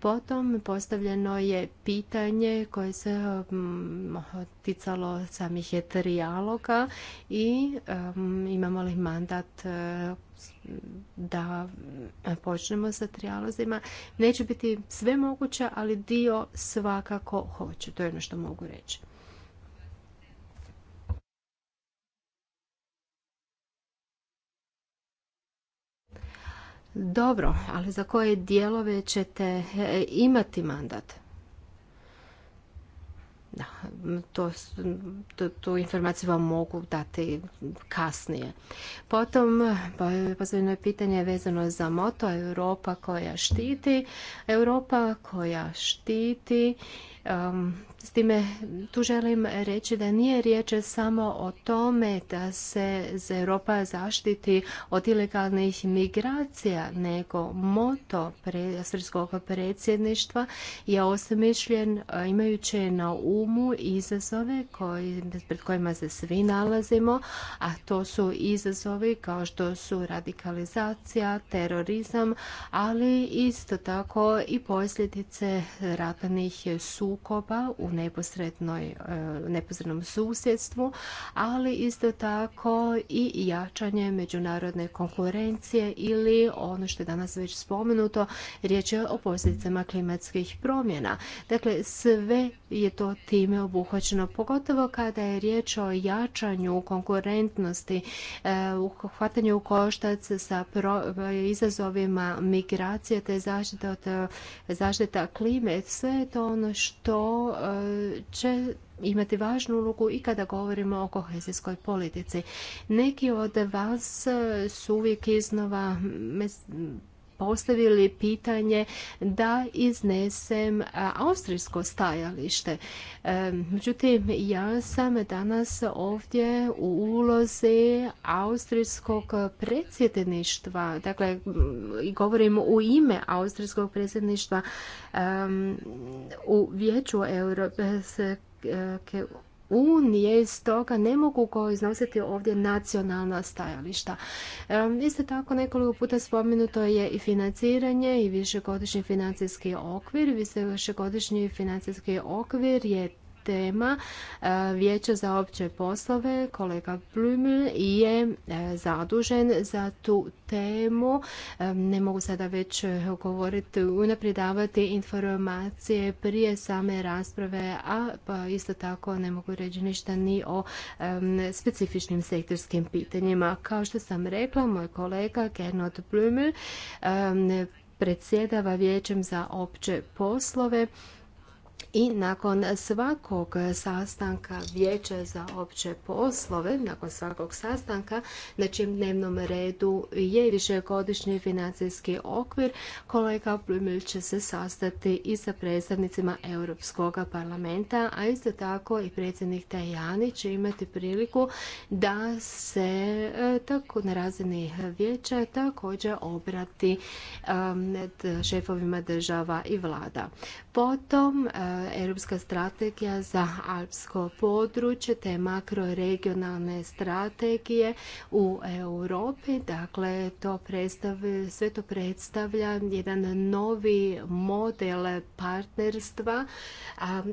Potom postavljeno je pitanje koje se mm, ticalo samih je i imamo li mandat e, da e, počnemo sa trijalozima. Neće biti sve moguće, ali dio svakako hoće. To je ono što mogu reći. Dobro, ali za koje dijelove ćete e, imati mandat? Da, to, tu, tu informaciju vam mogu dati kasnije. Potom pa, postavljeno je pitanje vezano za moto Europa koja štiti. Europa koja štiti Um, s time tu želim reći da nije riječ samo o tome da se za Europa zaštiti od ilegalnih migracija, nego moto pre, srpskog predsjedništva je osmišljen imajući na u umu izazove koji, pred kojima se svi nalazimo, a to su izazovi kao što su radikalizacija, terorizam, ali isto tako i posljedice ratnih sukoba u e, neposrednom susjedstvu, ali isto tako i jačanje međunarodne konkurencije ili ono što je danas već spomenuto, riječ je o posljedicama klimatskih promjena. Dakle, sve je to time obuhvaćeno, pogotovo kada je riječ o jačanju konkurentnosti, e, uhvatanju u koštac sa izazovima migracije te zaštita od zaštita klime. Sve je to ono što e, će imati važnu ulogu i kada govorimo o kohezijskoj politici. Neki od vas su uvijek iznova postavili pitanje da iznesem austrijsko stajalište. E, međutim, ja sam danas ovdje u ulozi austrijskog predsjedništva, dakle, govorim u ime austrijskog predsjedništva u vijeću Europske unije je stoga ne mogu iznositi ovdje nacionalna stajališta. Isto tako nekoliko puta spomenuto je i financiranje i višegodišnji financijski okvir. Višegodišnji financijski okvir je tema e, Vijeća za opće poslove, kolega Blumel je e, zadužen za tu temu. E, ne mogu sada već govoriti, unapredavati informacije prije same rasprave, a pa isto tako ne mogu reći ništa ni o specifičnim sektorskim pitanjima. Kao što sam rekla, moj kolega Gernot Plümel predsjedava Vijećem za opće poslove i nakon svakog sastanka vijeća za opće poslove, nakon svakog sastanka na čijem dnevnom redu je višegodišnji financijski okvir, kolega Blumil će se sastati i sa predstavnicima Europskog parlamenta, a isto tako i predsjednik Tajani će imati priliku da se e, tako na razini vijeća također obrati e, šefovima država i vlada. Potom e, Europska strategija za alpsko područje, te makroregionalne strategije u Europi. Dakle, to sve to predstavlja jedan novi model partnerstva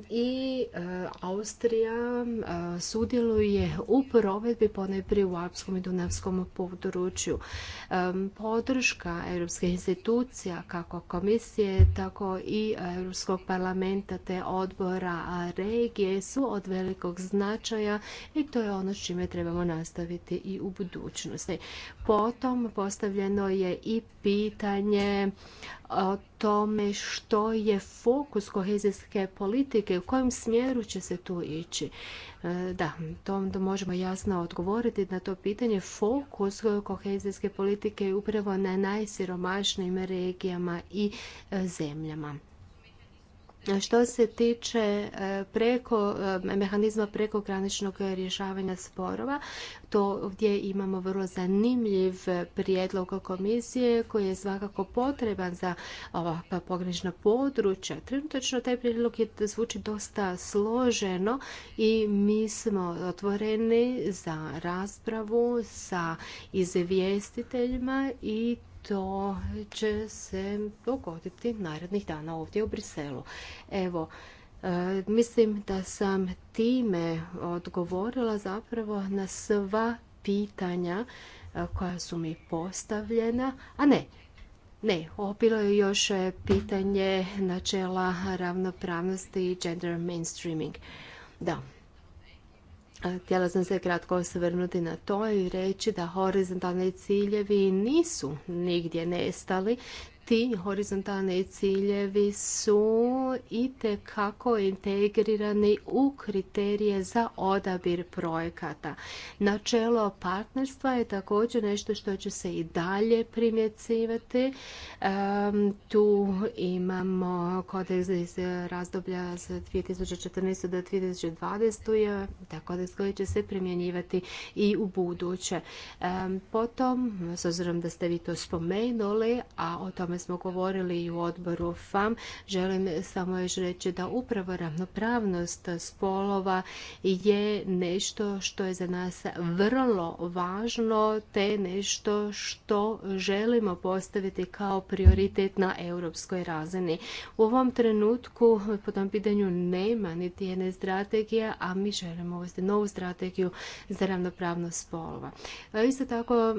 i e, Austrija e, sudjeluje u provedbi ponajprije u alpskom i dunavskom području. E, podrška europske institucija kako komisije, tako i Europskog parlamenta te odbora regije su od velikog značaja i to je ono s čime trebamo nastaviti i u budućnosti. Potom postavljeno je i pitanje o tome što je fokus kohezijske politike, u kojem smjeru će se tu ići. E, da, to možemo jasno odgovoriti na to pitanje. Fokus kohezijske politike je upravo na najsiromašnijim regijama i e, zemljama. Što se tiče e, preko, e, mehanizma prekograničnog rješavanja sporova, to gdje imamo vrlo zanimljiv prijedlog komisije koji je svakako potreban za ova pogranična područja. Trenutačno taj prijedlog je, zvuči dosta složeno i mi smo otvoreni za raspravu sa izvjestiteljima i to će se dogoditi narednih dana ovdje u Briselu. Evo, e, mislim da sam time odgovorila zapravo na sva pitanja e, koja su mi postavljena, a ne, ne, bilo je još pitanje načela ravnopravnosti i gender mainstreaming. Da, Htjela sam se kratko osvrnuti na to i reći da horizontalni ciljevi nisu nigdje nestali ti horizontalni ciljevi su itekako kako integrirani u kriterije za odabir projekata. Načelo partnerstva je također nešto što će se i dalje primjecivati. Tu imamo kodeks iz razdoblja s 2014. do 2020. je eh, kodeks koji će se primjenjivati i u buduće. Potom, s obzirom da ste vi to spomenuli, a o tome smo govorili i u odboru FAM. Želim samo još reći da upravo ravnopravnost spolova je nešto što je za nas vrlo važno, te nešto što želimo postaviti kao prioritet na europskoj razini. U ovom trenutku po tom pitanju nema niti jedne strategije, a mi želimo uvesti novu strategiju za ravnopravnost spolova. Isto tako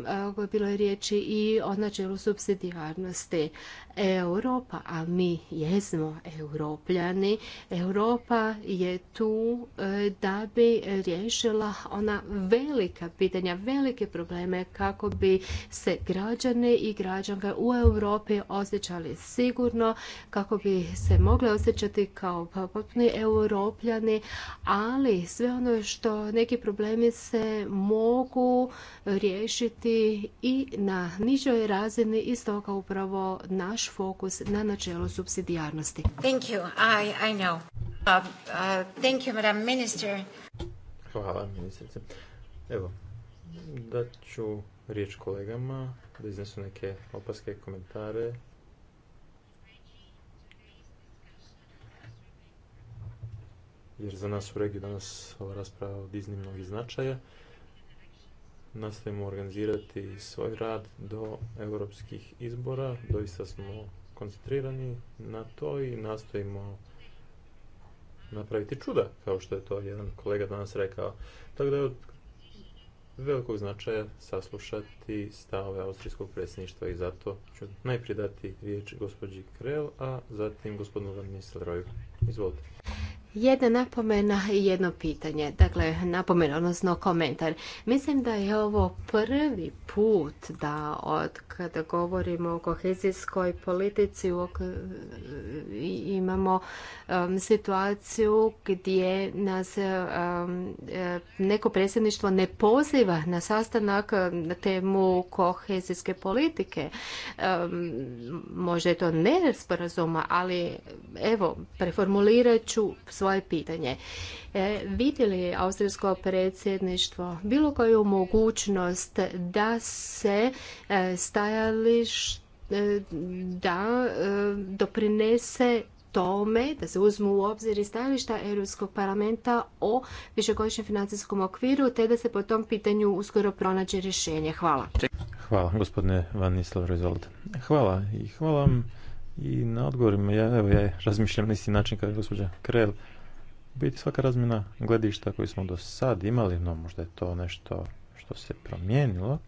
bilo je riječi i o načelu subsidijarnosti. Europa, a mi jesmo europljani. Europa je tu e, da bi riješila ona velika pitanja, velike probleme kako bi se građani i građanke u Europi osjećali sigurno, kako bi se mogli osjećati kao potpuni europljani, ali sve ono što neki problemi se mogu riješiti i na nižoj razini i stoga upravo naš fokus na načelo subsidijarnosti. Thank you. I, know. Uh, uh, thank you, Madam Minister. Hvala, ministrice. Evo, dat ću riječ kolegama da iznesu neke opaske komentare. Jer za nas u regiju danas ova rasprava od iznimnog značaja. Nastojimo organizirati svoj rad do europskih izbora. Doista smo koncentrirani na to i nastojimo napraviti čuda, kao što je to jedan kolega danas rekao. Tako da je od velikog značaja saslušati stavove austrijskog predsjedništva i zato ću najprije dati riječ gospođi Krel, a zatim gospodinu Van Izvolite. Jedna napomena i jedno pitanje. Dakle, napomena, odnosno komentar. Mislim da je ovo prvi put da od kada govorimo o kohezijskoj politici imamo um, situaciju gdje nas um, e, neko predsjedništvo ne poziva na sastanak e, na temu kohezijske politike. Um, možda je to nesporazuma, ali evo, preformulirat ću svoje pitanje. E, vidjeli austrijsko predsjedništvo bilo koju mogućnost da se e, e da e, doprinese tome da se uzmu u obzir i stajališta Europskog parlamenta o višegodišnjem financijskom okviru te da se po tom pitanju uskoro pronađe rješenje. Hvala. Hvala, gospodine Van Hvala i hvala i na odgovorima. Ja, evo, ja razmišljam na isti način kao je gospođa Krel biti svaka razmjena gledišta koju smo do sad imali, no možda je to nešto što se promijenilo,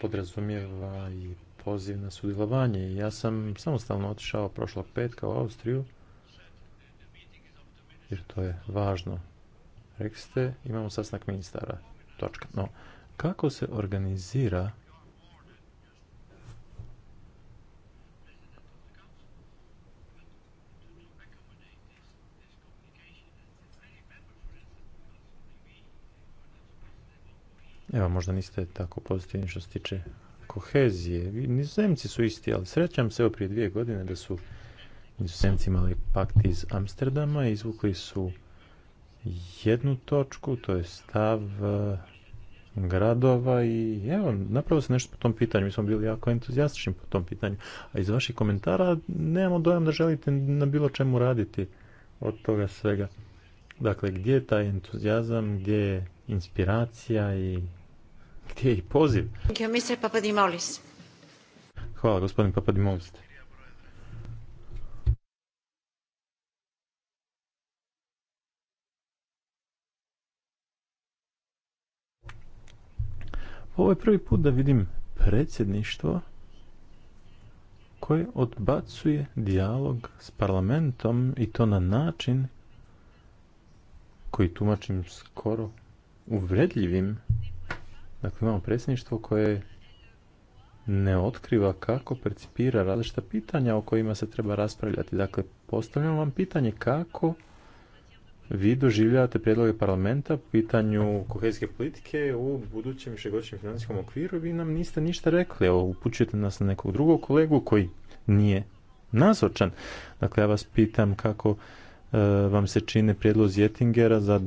podrazumijeva i poziv na sudjelovanje. Ja sam samostalno otišao prošlog petka u Austriju, jer to je važno. Rekli ste, imamo sastanak ministara. Točka. No, kako se organizira Evo, možda niste tako pozitivni što se tiče kohezije. Nizozemci su isti, ali srećam se evo prije dvije godine da su Nizozemci imali pakt iz Amsterdama i izvukli su jednu točku, to je stav eh, gradova i evo, napravo se nešto po tom pitanju. Mi smo bili jako entuzijastični po tom pitanju. A iz vaših komentara nemamo dojam da želite na bilo čemu raditi od toga svega. Dakle, gdje je taj entuzijazam, gdje je inspiracija i gdje je i poziv. Hvala gospodin Papadimolis. Ovo je prvi put da vidim predsjedništvo koje odbacuje dijalog s parlamentom i to na način koji tumačim skoro uvredljivim. Dakle, imamo predsjedništvo koje ne otkriva kako percipira različita pitanja o kojima se treba raspravljati. Dakle, postavljam vam pitanje kako vi doživljavate prijedloge parlamenta po pitanju kohezijske politike u budućem višegodišnjem financijskom okviru. Vi nam niste ništa rekli. Evo, upućujete nas na nekog drugog kolegu koji nije nazočan. Dakle, ja vas pitam kako E, vam se čine prijedlozi Jettingera za,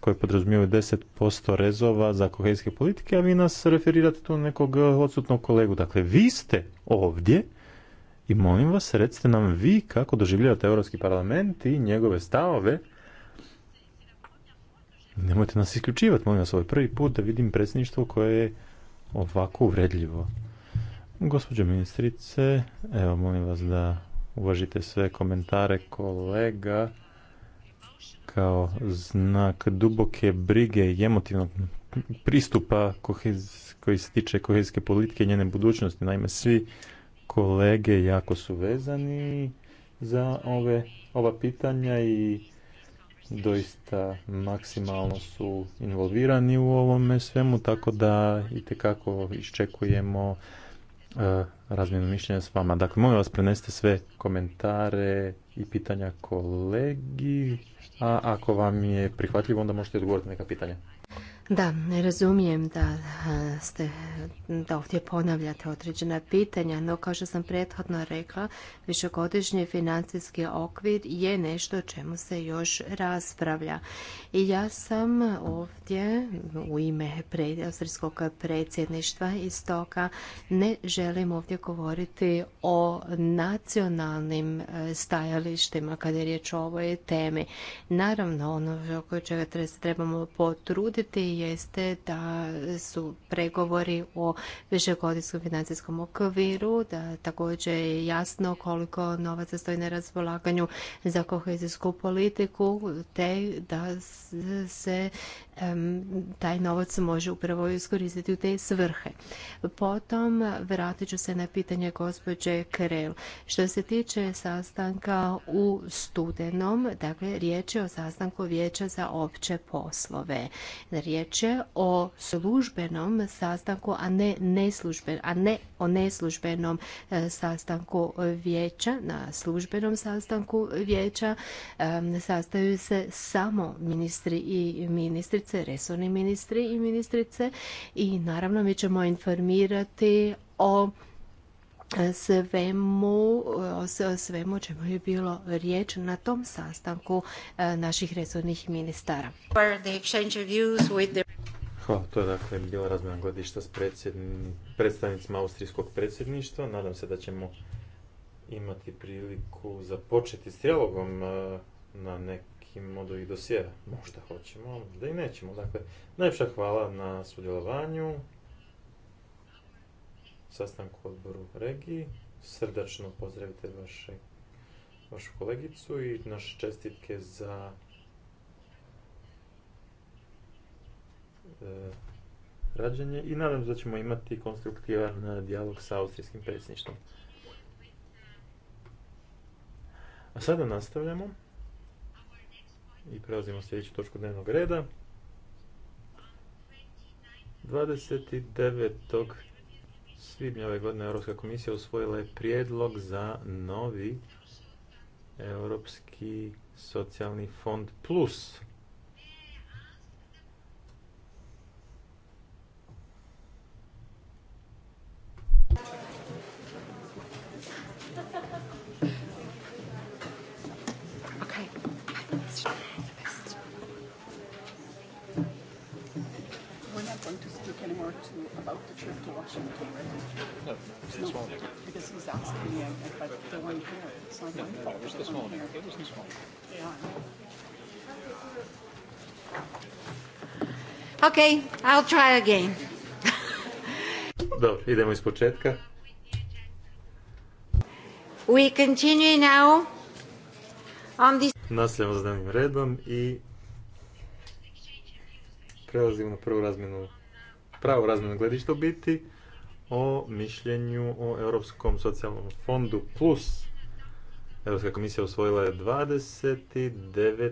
koji podrazumijevaju 10% rezova za kohezijske politike, a vi nas referirate tu nekog e, odsutnog kolegu. Dakle, vi ste ovdje i molim vas, recite nam vi kako doživljavate Europski parlament i njegove stavove. Nemojte nas isključivati, molim vas, ovaj prvi put da vidim predsjedništvo koje je ovako uvredljivo. Gospođo ministrice, evo molim vas da uvažite sve komentare kolega kao znak duboke brige i emotivnog pristupa koji se tiče kohezijske politike i njene budućnosti. Naime, svi kolege jako su vezani za ove, ova pitanja i doista maksimalno su involvirani u ovome svemu, tako da i iščekujemo E, razmjenu mišljenja s vama. Dakle, molim vas prenesite sve komentare i pitanja kolegi, a ako vam je prihvatljivo, onda možete odgovoriti neka pitanja. Da, razumijem da ste da ovdje ponavljate određena pitanja, no kao što sam prethodno rekla, višegodišnji financijski okvir je nešto o čemu se još raspravlja. I ja sam ovdje u ime Austrijskog predsjedništva i stoga ne želim ovdje govoriti o nacionalnim e, stajalištima kada je riječ o ovoj temi. Naravno, ono oko čega se trebamo potruditi jeste da su pregovori o višegodijskom financijskom okviru, da također je jasno koliko novaca stoji na raspolaganju za kohezijsku politiku, te da se taj novac može upravo iskoristiti u te svrhe. Potom vratit ću se na pitanje gospođe Krel. Što se tiče sastanka u studenom, dakle riječ je o sastanku Vijeća za opće poslove. Riječ je o službenom sastanku, a ne, neslužben, a ne o neslužbenom e, sastanku vijeća, na službenom sastanku vijeća sastaju se samo ministri i ministrice resorni ministri i ministrice i naravno mi ćemo informirati o svemu, o svemu čemu je bilo riječ na tom sastanku e, naših resornih ministara. Hvala, to je dakle bilo razmjena godišta s predstavnicima austrijskog predsjedništva. Nadam se da ćemo imati priliku započeti s trijalogom e, na nek imamo i ovih Možda hoćemo, možda i nećemo. Dakle, najpša hvala na sudjelovanju, sastanku odboru regiji. Srdačno pozdravite vaše, vašu kolegicu i naše čestitke za e, rađenje i nadam se da ćemo imati konstruktivan e, dijalog sa austrijskim predsjedništvom. A sada nastavljamo i prelazimo sljedeću točku dnevnog reda. 29. svibnja ove godine Europska komisija usvojila je prijedlog za novi Europski socijalni fond plus. I'll try again. Dobro, idemo iz početka. We continue now on this... Nastavljamo s danim redom i prelazimo na prvu razmjenu pravo gledište gledišta biti o mišljenju o Europskom socijalnom fondu plus Europska komisija usvojila je 29.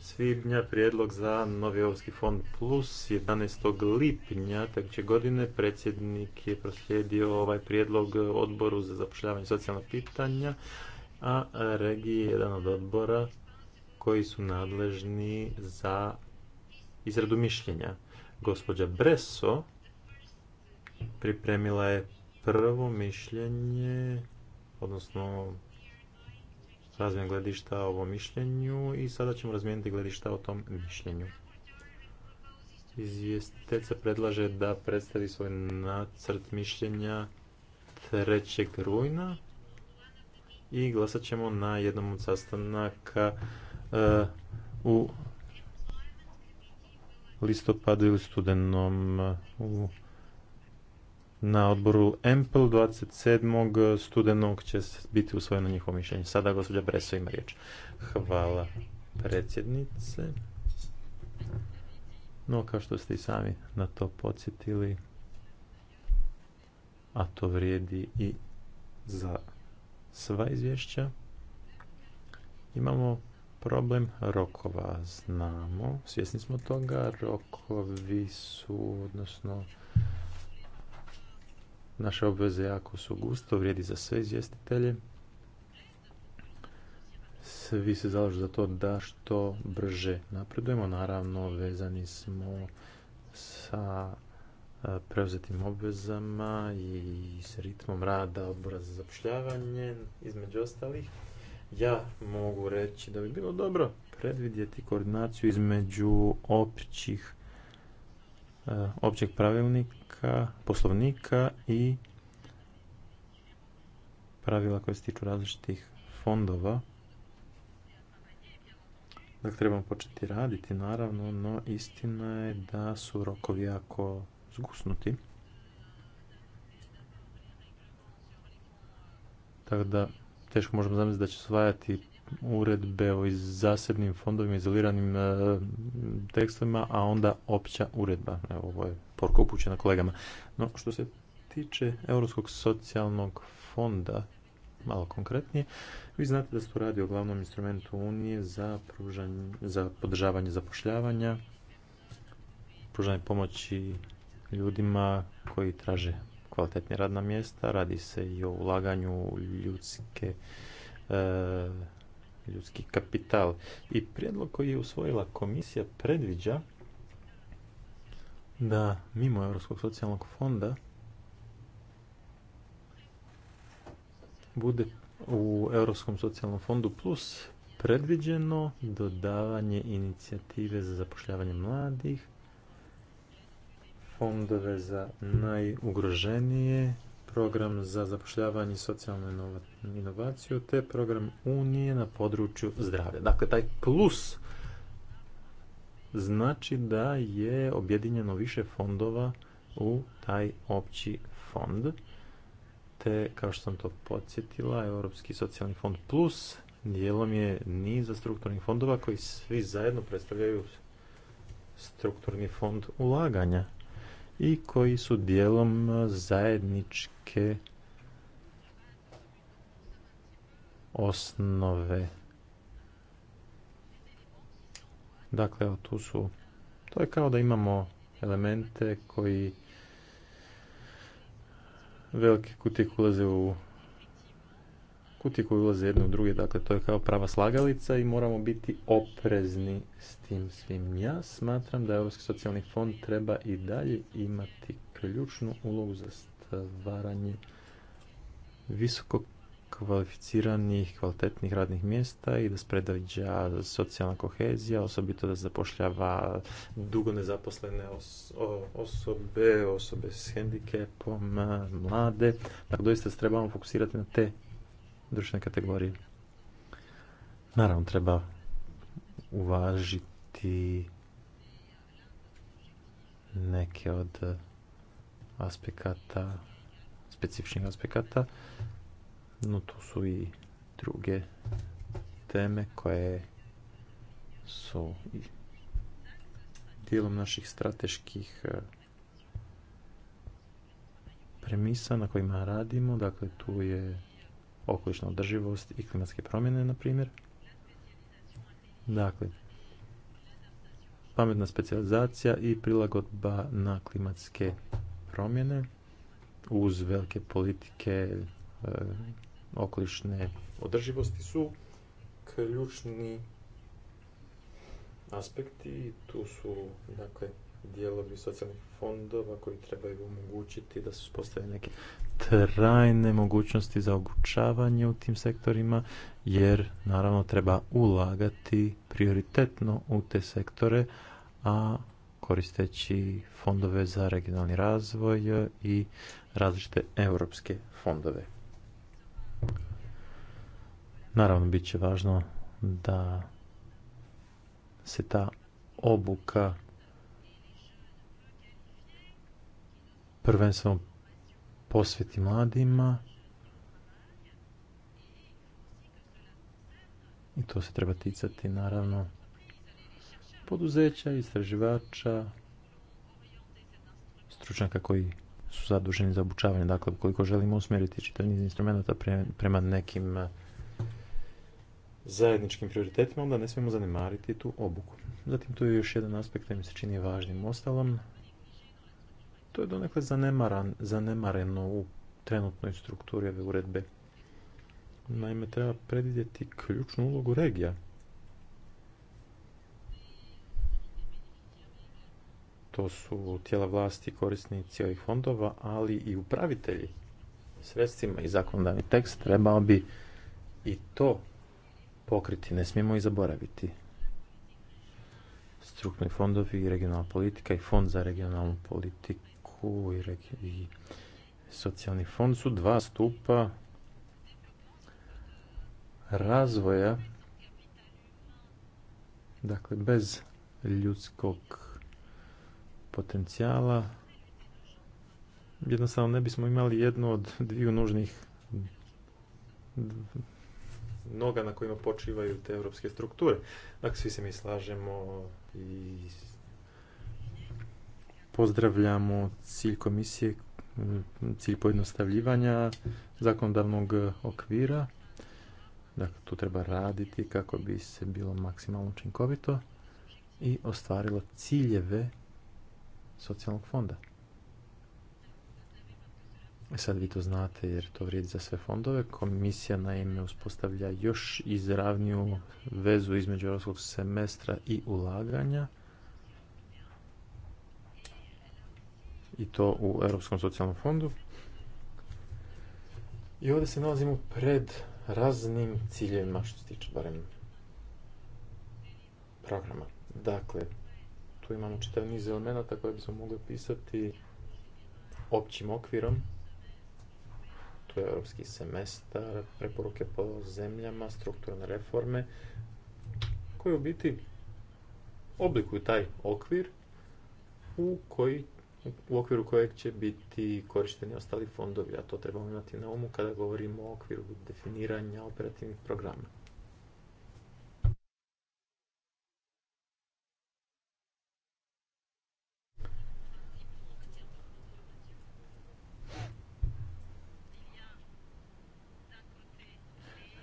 svibnja prijedlog za novi Europski fond plus 11. lipnja tekuće godine predsjednik je proslijedio ovaj prijedlog odboru za zapošljavanje socijalna pitanja a regiji je jedan od odbora koji su nadležni za izradu mišljenja. Gospođa Bresso pripremila je prvo mišljenje, odnosno razmijen gledišta o ovom mišljenju i sada ćemo razmijeniti gledišta o tom mišljenju. Izvjestiteca predlaže da predstavi svoj nacrt mišljenja 3. rujna i glasat ćemo na jednom od sastanaka e, u listopadu ili studenom u na odboru EMPL 27. studenog će biti usvojeno njihovo mišljenje. Sada gospođa Breso ima riječ. Hvala predsjednice. No, kao što ste i sami na to podsjetili, a to vrijedi i za sva izvješća, imamo Problem rokova znamo, svjesni smo toga, rokovi su, odnosno, naše obveze jako su gusto, vrijedi za sve izvjestitelje. Svi se zalažu za to da što brže napredujemo, naravno vezani smo sa e, preuzetim obvezama i s ritmom rada odbora za zapošljavanje, između ostalih. Ja mogu reći da bi bilo dobro predvidjeti koordinaciju između općih e, općeg pravilnika, poslovnika i pravila koje se tiču različitih fondova. Dakle, trebamo početi raditi, naravno, no istina je da su rokovi jako zgusnuti. Tako da teško možemo zamisliti da će osvajati uredbe o zasebnim fondovima, izoliranim e, tekstovima, a onda opća uredba. Evo, ovo je porko upućena kolegama. No, što se tiče Europskog socijalnog fonda, malo konkretnije, vi znate da se tu radi o glavnom instrumentu Unije za, pružanje, za podržavanje zapošljavanja, pružanje pomoći ljudima koji traže kvalitetnija radna mjesta, radi se i o ulaganju ljudske e, ljudski kapital. I prijedlog koji je usvojila komisija predviđa da mimo Europskog socijalnog fonda bude u Europskom socijalnom fondu plus predviđeno dodavanje inicijative za zapošljavanje mladih fondove za najugroženije, program za zapošljavanje i socijalnu inovaciju, te program Unije na području zdravlja. Dakle, taj plus znači da je objedinjeno više fondova u taj opći fond. Te, kao što sam to podsjetila, Europski socijalni fond plus dijelom je niza strukturnih fondova koji svi zajedno predstavljaju strukturni fond ulaganja i koji su dijelom e, zajedničke osnove. Dakle, evo tu su, to je kao da imamo elemente koji veliki kutije ulaze u kutije koje ulaze jedne u druge, dakle to je kao prava slagalica i moramo biti oprezni s tim svim. Ja smatram da Europski socijalni fond treba i dalje imati ključnu ulogu za stvaranje visoko kvalificiranih, kvalitetnih radnih mjesta i da se socijalna kohezija, osobito da zapošljava dugo nezaposlene osobe, osobe s hendikepom, mlade. Dakle, doista se trebamo fokusirati na te društvene kategorije. Naravno, treba uvažiti neke od aspekata, specifičnih aspekata, no tu su i druge teme koje su dijelom naših strateških e, premisa na kojima radimo, dakle tu je okolišna održivost i klimatske promjene, na primjer. Dakle, pametna specijalizacija i prilagodba na klimatske promjene uz velike politike e, okolišne održivosti su ključni aspekti. Tu su, dakle, dijelovi socijalnih fondova koji trebaju omogućiti da se uspostave neke trajne mogućnosti za obučavanje u tim sektorima, jer naravno treba ulagati prioritetno u te sektore, a koristeći fondove za regionalni razvoj i različite europske fondove. Naravno, bit će važno da se ta obuka prvenstveno posveti mladima i to se treba ticati naravno poduzeća, istraživača, stručnjaka koji su zaduženi za obučavanje. Dakle, koliko želimo usmjeriti čitav niz instrumenta prema nekim eh, zajedničkim prioritetima, onda ne smijemo zanemariti tu obuku. Zatim tu je još jedan aspekt koji mi se čini važnim. Ostalom, to je donekle zanemareno u trenutnoj strukturi ove uredbe. Naime, treba predvidjeti ključnu ulogu regija. To su tijela vlasti, korisnici ovih fondova, ali i upravitelji sredstvima i zakonodavni tekst trebao bi i to pokriti, ne smijemo i zaboraviti. Strukturni fondovi, regionalna politika i fond za regionalnu politiku banku i socijalni fond su dva stupa razvoja dakle bez ljudskog potencijala jednostavno ne bismo imali jednu od dviju nužnih noga na kojima počivaju te europske strukture. Dakle, svi se mi slažemo i Pozdravljamo cilj komisije, mm, cilj pojednostavljivanja zakonodavnog okvira. Dakle, tu treba raditi kako bi se bilo maksimalno učinkovito i ostvarilo ciljeve socijalnog fonda. E, sad vi to znate jer to vrijedi za sve fondove. Komisija naime uspostavlja još izravniju vezu između europskog semestra i ulaganja. i to u Europskom socijalnom fondu. I ovdje se nalazimo pred raznim ciljevima što se tiče barem programa. Dakle, tu imamo čitav niz elemenata koje bismo mogli pisati općim okvirom. To je europski semestar, preporuke po zemljama, strukturne reforme, koje u biti oblikuju taj okvir u koji u okviru kojeg će biti korišteni ostali fondovi, a to trebamo imati na umu kada govorimo o okviru definiranja operativnih programa.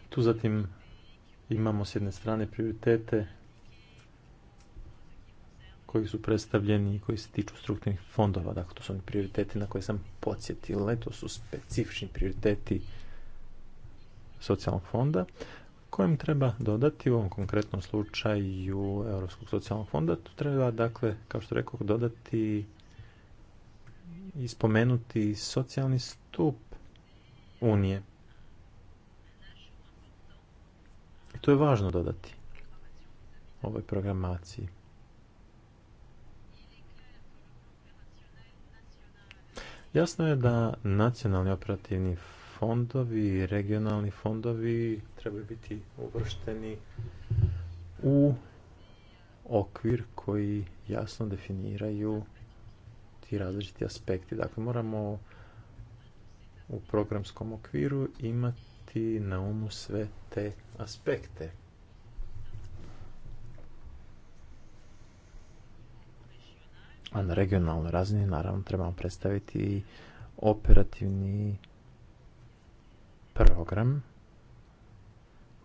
Tu zatim imamo s jedne strane prioritete koji su predstavljeni i koji se tiču strukturnih fondova. Dakle, to su oni prioriteti na koje sam podsjetila. To su specifični prioriteti socijalnog fonda kojem treba dodati u ovom konkretnom slučaju Europskog socijalnog fonda. Tu treba, dakle, kao što rekao, dodati i spomenuti socijalni stup Unije. I to je važno dodati ovoj programaciji. Jasno je da nacionalni operativni fondovi i regionalni fondovi trebaju biti uvršteni u okvir koji jasno definiraju ti različiti aspekti. Dakle, moramo u programskom okviru imati na umu sve te aspekte A na regionalnoj razini naravno trebamo predstaviti i operativni program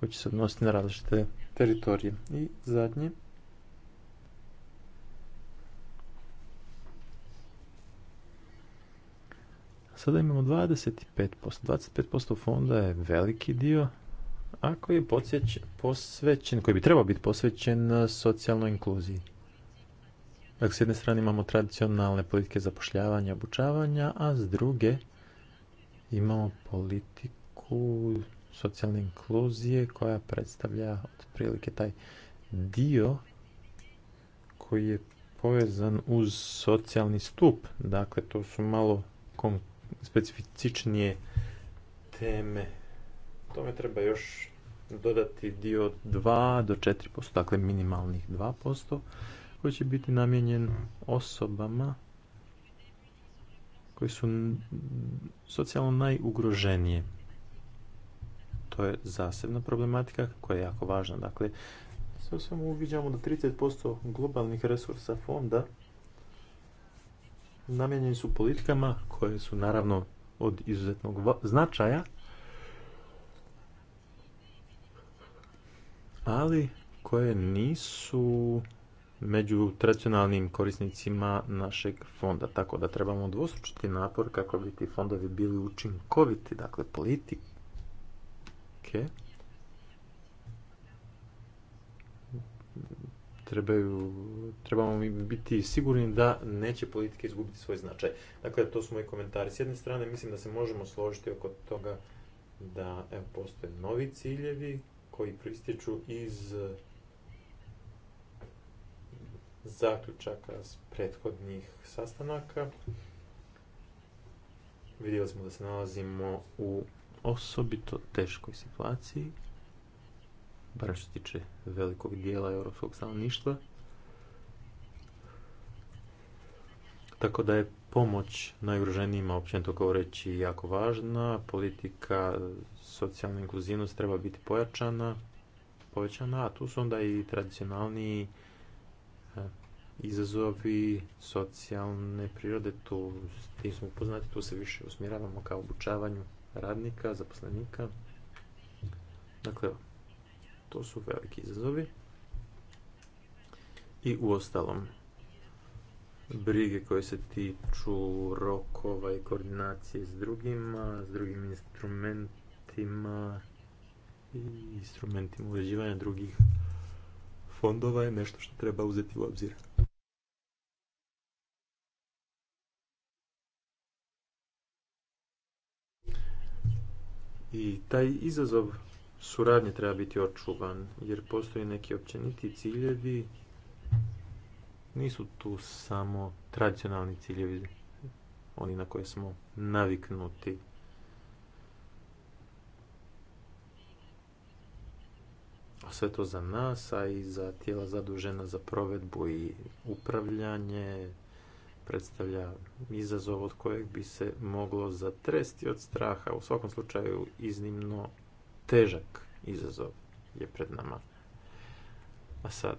koji će se odnositi na različite teritorije. I zadnje. Sada imamo 25%. 25% fonda je veliki dio, a koji je posvećen, koji bi trebao biti posvećen socijalnoj inkluziji. Dakle, s jedne strane imamo tradicionalne politike zapošljavanja i obučavanja, a s druge imamo politiku socijalne inkluzije koja predstavlja otprilike taj dio koji je povezan uz socijalni stup. Dakle, to su malo specifičnije teme. Tome treba još dodati dio 2 do 4%, dakle minimalnih 2% koji će biti namijenjen osobama koji su socijalno najugroženije. To je zasebna problematika koja je jako važna. Dakle, sve samo uviđamo da 30% globalnih resursa fonda namijenjeni su politikama koje su naravno od izuzetnog značaja, ali koje nisu među tradicionalnim korisnicima našeg fonda. Tako da trebamo udvostručiti napor kako bi ti fondovi bili učinkoviti, dakle politike. Trebaju, trebamo mi biti sigurni da neće politike izgubiti svoj značaj. Dakle, to su moji komentari. S jedne strane, mislim da se možemo složiti oko toga da evo, postoje novi ciljevi koji prističu iz zaključaka s prethodnih sastanaka. Vidjeli smo da se nalazimo u osobito teškoj situaciji, bar što tiče velikog dijela europskog stanovništva. Tako da je pomoć najugroženijima, općenito govoreći, jako važna. Politika socijalne inkluzivnost treba biti pojačana, povećana, a tu su onda i tradicionalni izazovi socijalne prirode, tu s tim smo upoznati, tu se više usmjeravamo kao obučavanju radnika, zaposlenika. Dakle, to su veliki izazovi. I u ostalom, brige koje se tiču rokova i koordinacije s drugima, s drugim instrumentima i instrumentima uređivanja drugih fondova je nešto što treba uzeti u obzir. I taj izazov suradnje treba biti očuvan, jer postoje neki općeniti ciljevi, nisu tu samo tradicionalni ciljevi, oni na koje smo naviknuti. sve to za nas, a i za tijela zadužena za provedbu i upravljanje predstavlja izazov od kojeg bi se moglo zatresti od straha. U svakom slučaju iznimno težak izazov je pred nama. A sad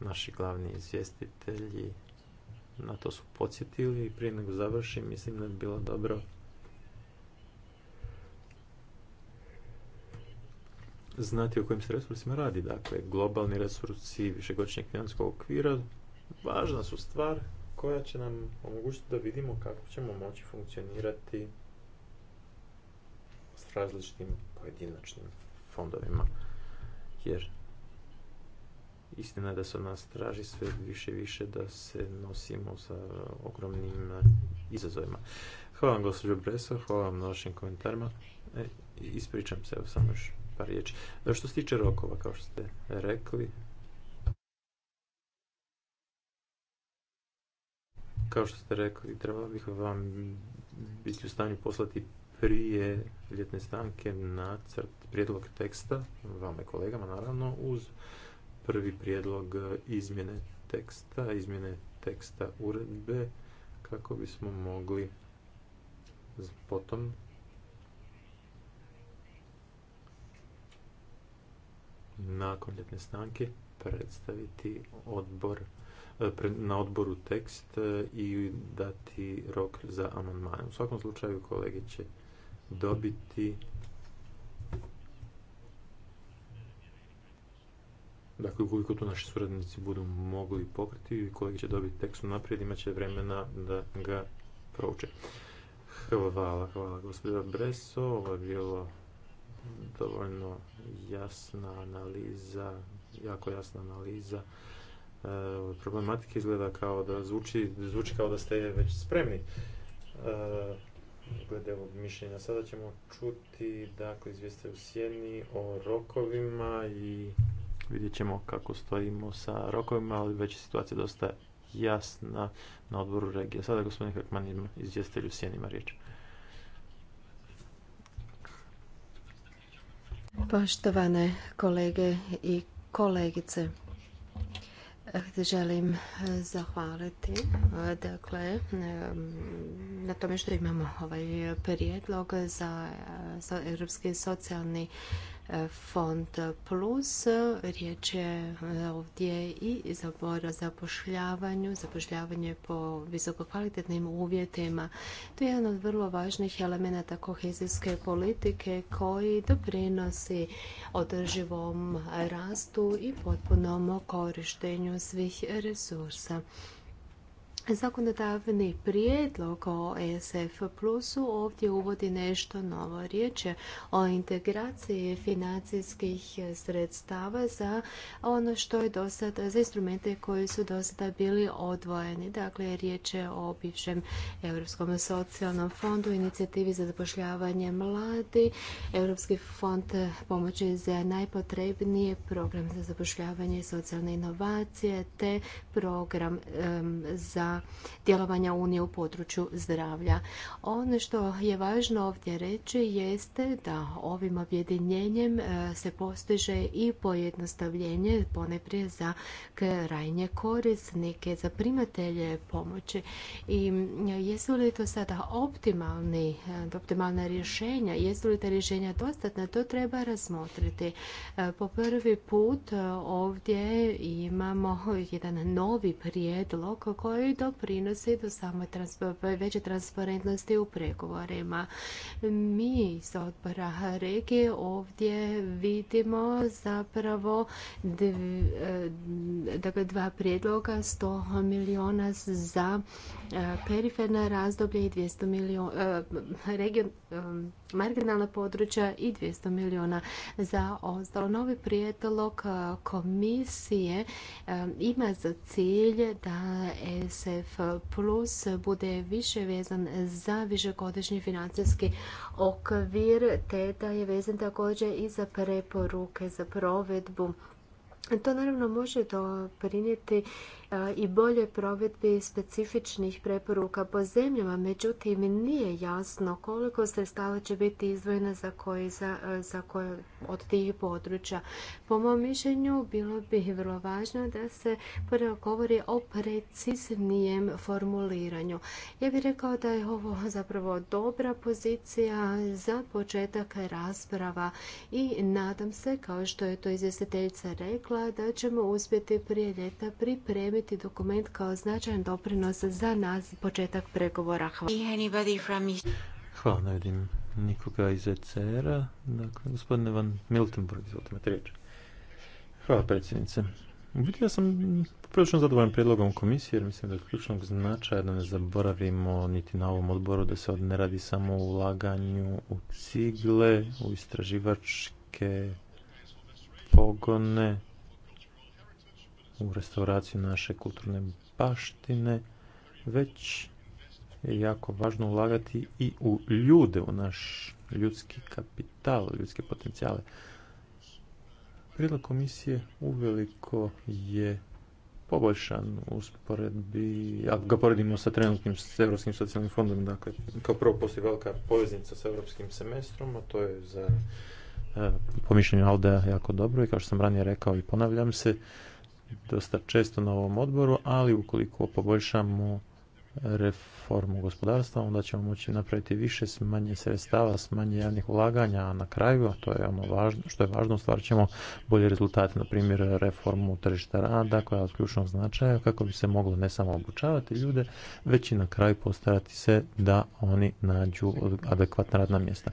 naši glavni izvjestitelji na to su podsjetili i prije nego završim mislim da bi bilo dobro znati o kojim se resursima radi. Dakle, globalni resursi višegodišnjeg financijskog okvira važna su stvar koja će nam omogućiti da vidimo kako ćemo moći funkcionirati s različitim pojedinačnim fondovima. Jer istina je da se od nas traži sve više i više da se nosimo sa ogromnim izazovima. Hvala vam gospođo Bresa, hvala vam na vašim komentarima. E, ispričam se, evo samo još par riječi. E, što se tiče rokova, kao što ste rekli, kao što ste rekli, trebao bih vam biti u stanju poslati prije ljetne stanke nacrt prijedlog teksta, vama i kolegama naravno, uz prvi prijedlog izmjene teksta, izmjene teksta uredbe, kako bismo mogli potom nakon ljetne stanke predstaviti odbor, e, na odboru tekst e, i dati rok za amandmane. U svakom slučaju kolege će dobiti Dakle, ukoliko tu naši suradnici budu mogli pokriti i kolege će dobiti tekst naprijed, imat će vremena da ga prouče. Hvala, hvala Breso, ovo je bilo dovoljno jasna analiza, jako jasna analiza e, problematike izgleda kao da zvuči, zvuči kao da ste već spremni e, glede ovog mišljenja. Sada ćemo čuti dakle, izvijeste u sjeni o rokovima i vidjet ćemo kako stojimo sa rokovima, ali već je situacija dosta jasna na odboru regije. Sada gospodin Hrkman izvjestitelj sjenima riječi. Poštovane kolege i kolegice, želim zahvaliti dakle, na tome što imamo ovaj prijedlog za Europski socijalni E, fond Plus. Riječ je e, ovdje i za zapošljavanju, zapošljavanje po visokokvalitetnim uvjetima. To je jedan od vrlo važnih elemenata kohezijske politike koji doprinosi održivom rastu i potpunom korištenju svih resursa. Zakonodavni prijedlog o ESF Plusu ovdje uvodi nešto novo. Riječ je o integraciji financijskih sredstava za ono što je do sada, za instrumente koji su do sada bili odvojeni. Dakle, riječ je o bivšem Europskom socijalnom fondu, inicijativi za zapošljavanje mladi, Europski fond pomoći za najpotrebnije, program za zapošljavanje i socijalne inovacije, te program za djelovanja Unije u području zdravlja. Ono što je važno ovdje reći jeste da ovim objedinjenjem e, se postiže i pojednostavljenje poneprije za krajnje korisnike, za primatelje pomoći. I e, jesu li to sada optimalni, e, optimalna rješenja, jesu li ta rješenja dostatna, to treba razmotriti. Po prvi put ovdje imamo jedan novi prijedlog koji doprinosi do samoj veće transparentnosti u pregovorima. Mi iz odbora regije ovdje vidimo zapravo e, dakle, dva prijedloga, 100 milijuna za e, periferna razdoblje i 200 milijuna, e, marginalna područja i 200 milijuna za ostalo. Novi prijedlog komisije ima za cilj da se Plus bude više vezan za višegodišnji financijski okvir, te da je vezan također i za preporuke, za provedbu. To naravno može doprinijeti i bolje provedbi specifičnih preporuka po zemljama, međutim nije jasno koliko sredstava će biti izdvojena za koje, za, za koje od tih područja. Po mom mišljenju bilo bi vrlo važno da se prvo govori o preciznijem formuliranju. Ja bih rekao da je ovo zapravo dobra pozicija za početak rasprava i nadam se, kao što je to izvjestiteljica rekla, da ćemo uspjeti prije ljeta pripremiti ti dokument kao značajan doprinos za nas početak pregovora. Hvala. Hvala, ne vidim nikoga iz ECR-a. Dakle, gospodine Van Miltenburg, izvolite me riječ. Hvala, predsjednice. U biti ja sam prilično zadovoljan predlogom komisije jer mislim da je ključnog značaja da ne zaboravimo niti na ovom odboru da se od ne radi samo o ulaganju u cigle, u istraživačke pogone, u restauraciju naše kulturne baštine, već je jako važno ulagati i u ljude, u naš ljudski kapital, ljudske potencijale. Prijedlog komisije uveliko je poboljšan usporedbi, ako ga poredimo sa trenutnim s Europskim socijalnim fondom, dakle, kao prvo postoji velika poveznica s Europskim semestrom, a to je za e, po mišljenju jako dobro i kao što sam ranije rekao i ponavljam se, dosta često na ovom odboru, ali ukoliko poboljšamo reformu gospodarstva, onda ćemo moći napraviti više smanje manje sredstava, s javnih ulaganja, a na kraju, a to je ono važno, što je važno, stvarit ćemo bolje rezultate, na primjer reformu tržišta rada koja je od ključnog značaja kako bi se moglo ne samo obučavati ljude, već i na kraju postarati se da oni nađu adekvatna radna mjesta.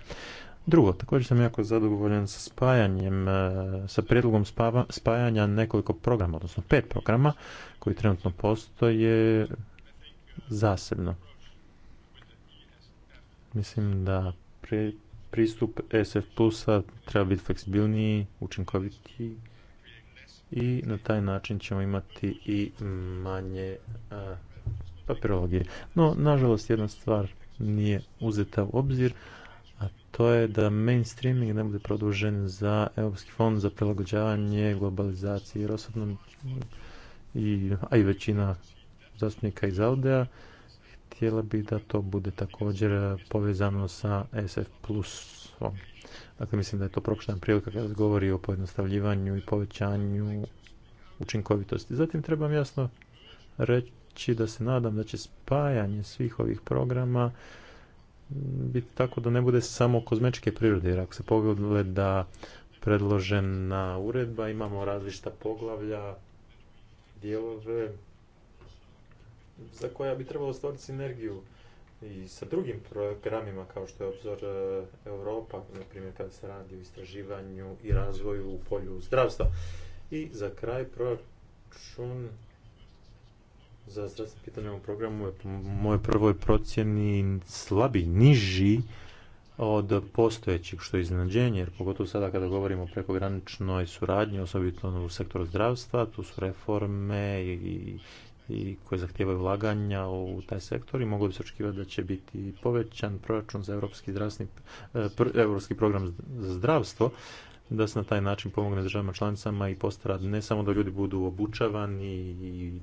Drugo, također sam jako zadovoljan sa spajanjem, e, sa prijedlogom spajanja nekoliko programa, odnosno pet programa koji trenutno postoje zasebno. Mislim da pristup SF plusa treba biti fleksibilniji, učinkovitiji i na taj način ćemo imati i manje e, papirologije. No, nažalost, jedna stvar nije uzeta u obzir, to je da mainstreaming ne bude produžen za Europski fond za prilagođavanje globalizaciji jer osobno i, a i većina zastupnika iz Audea htjela bi da to bude također povezano sa SF plusom. Dakle, mislim da je to propuštena prilika kada govori o pojednostavljivanju i povećanju učinkovitosti. Zatim trebam jasno reći da se nadam da će spajanje svih ovih programa biti tako da ne bude samo kozmetičke prirode, jer ako se pogleda predložena uredba, imamo različita poglavlja, dijelove za koja bi trebalo stvoriti sinergiju i sa drugim programima kao što je obzor e, Europa, na primjer kada se radi o istraživanju i razvoju u polju zdravstva. I za kraj proračun za zdravstvene programu je po mojoj prvoj procjeni slabi, niži od postojećih, što je iznenađenje, jer pogotovo sada kada govorimo o prekograničnoj suradnji, osobito ono u sektoru zdravstva, tu su reforme i, koje zahtijevaju ulaganja u taj sektor i moglo bi se očekivati da će biti povećan proračun za Evropski eh, europski program za zdravstvo, da se na taj način pomogne državama članicama i postara ne samo da ljudi budu obučavani i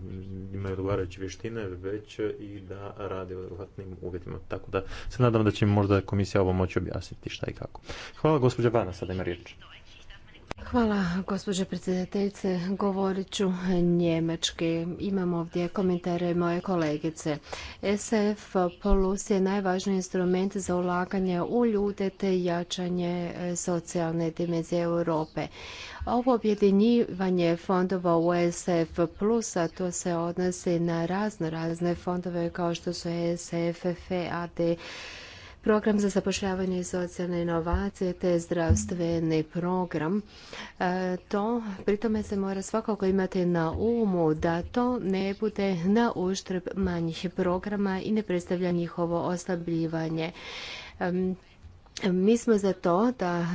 imaju odgovarajuće vještine, već i da rade u adekvatnim uvjetima. Tako da se nadam da će možda komisija ovo moći objasniti šta i kako. Hvala gospođa Vana, sada ima riječ. Hvala, gospođo predsjedateljice. Govorit ću njemački. Imam ovdje komentare moje kolegice. SF Plus je najvažniji instrument za ulaganje u ljude te jačanje e, socijalne dimenzije Europe. Ovo objedinjivanje fondova u SF Plus, a to se odnosi na razno razne fondove kao što su ESF, FAD, program za zapošljavanje i socijalne inovacije te zdravstveni program. E, to pri tome se mora svakako imati na umu da to ne bude na uštrb manjih programa i ne predstavlja njihovo oslabljivanje mi smo za to da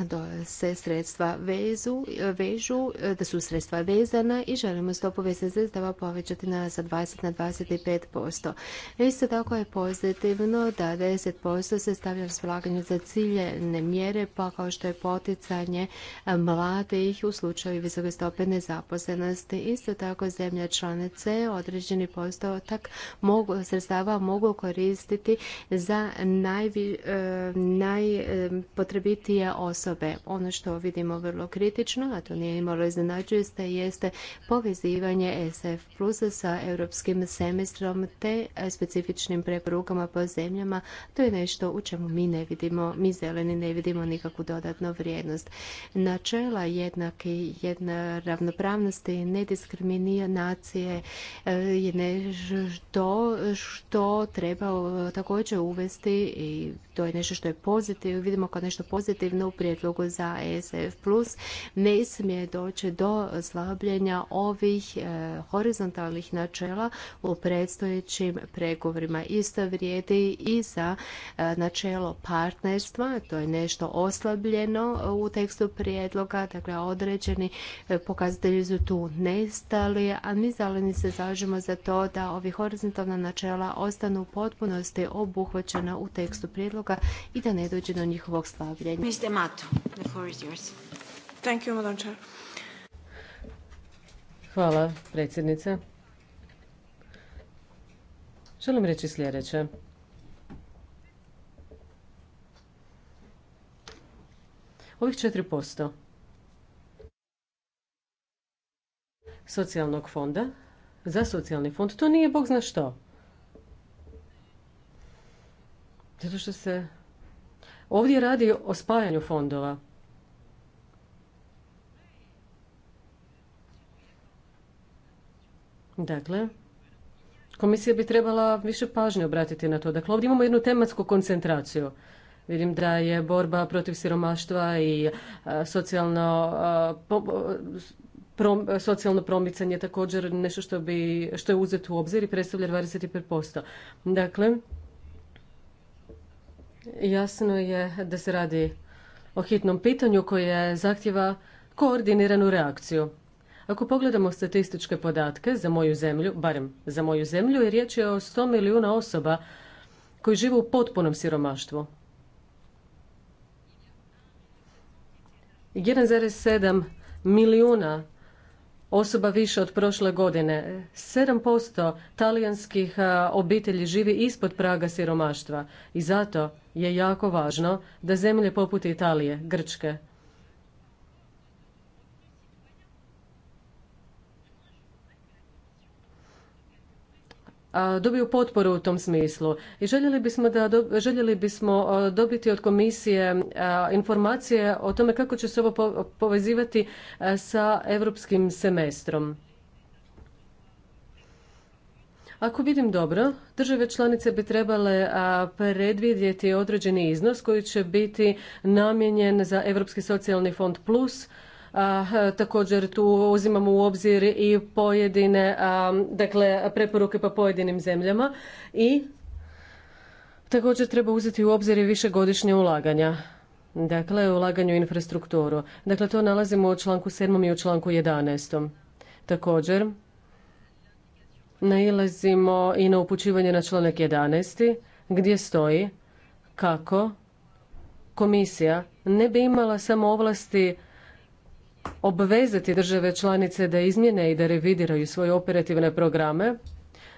se sredstva vezu, vežu, da su sredstva vezana i želimo stopu sredstava povećati na sa 20 na 25%. Isto tako je pozitivno da 10% se stavlja raspolaganje za ciljene mjere, pa kao što je poticanje mladih u slučaju visoke stope nezaposlenosti. Isto tako zemlja članice određeni postotak mogu, sredstava mogu koristiti za najvi, eh, naj potrebitije osobe. Ono što vidimo vrlo kritično, a to nije imalo iznenađujeste, jeste povezivanje SF Plus sa europskim semestrom te specifičnim preporukama po zemljama. To je nešto u čemu mi ne vidimo, mi zeleni ne vidimo nikakvu dodatnu vrijednost. Načela jednake, jedna ravnopravnosti, nacije eh, je nešto što treba također uvesti i to je nešto što je pozitivno vidimo kao nešto pozitivno u prijedlogu za ESF+. Ne smije doći do slabljenja ovih e, horizontalnih načela u predstojećim pregovorima. Isto vrijedi i za e, načelo partnerstva, to je nešto oslabljeno u tekstu prijedloga, dakle određeni e, pokazatelji su tu nestali, a mi zaleni se zalažemo za to da ovi horizontalna načela ostanu u potpunosti obuhvaćena u tekstu prijedloga i da ne dođe do njihovog stavljanja. Hvala, predsjednice. Želim reći sljedeće. Ovih 4% socijalnog fonda za socijalni fond, to nije bog zna što. Zato što se Ovdje radi o spajanju fondova. Dakle, komisija bi trebala više pažnje obratiti na to. Dakle, ovdje imamo jednu tematsku koncentraciju. Vidim da je borba protiv siromaštva i e, socijalno e, socijalno promicanje također nešto što, bi, što je uzeto u obzir i predstavlja 25%. Dakle, Jasno je da se radi o hitnom pitanju koje zahtjeva koordiniranu reakciju. Ako pogledamo statističke podatke za moju zemlju, barem za moju zemlju, je riječ je o 100 milijuna osoba koji žive u potpunom siromaštvu. 1,7 milijuna osoba više od prošle godine. 7% talijanskih obitelji živi ispod praga siromaštva i zato je jako važno da zemlje poput Italije, Grčke, dobiju potporu u tom smislu. I željeli bismo, dobiti od komisije informacije o tome kako će se ovo povezivati sa europskim semestrom. Ako vidim dobro, države članice bi trebale predvidjeti određeni iznos koji će biti namijenjen za Europski socijalni fond plus Također tu uzimamo u obzir i pojedine, dakle preporuke po pojedinim zemljama i također treba uzeti u obzir i višegodišnje ulaganja. Dakle, ulaganje u infrastrukturu. Dakle, to nalazimo u članku 7. i u članku 11. Također, nailazimo i na upućivanje na članak 11. gdje stoji kako komisija ne bi imala samo ovlasti obvezati države članice da izmjene i da revidiraju svoje operativne programe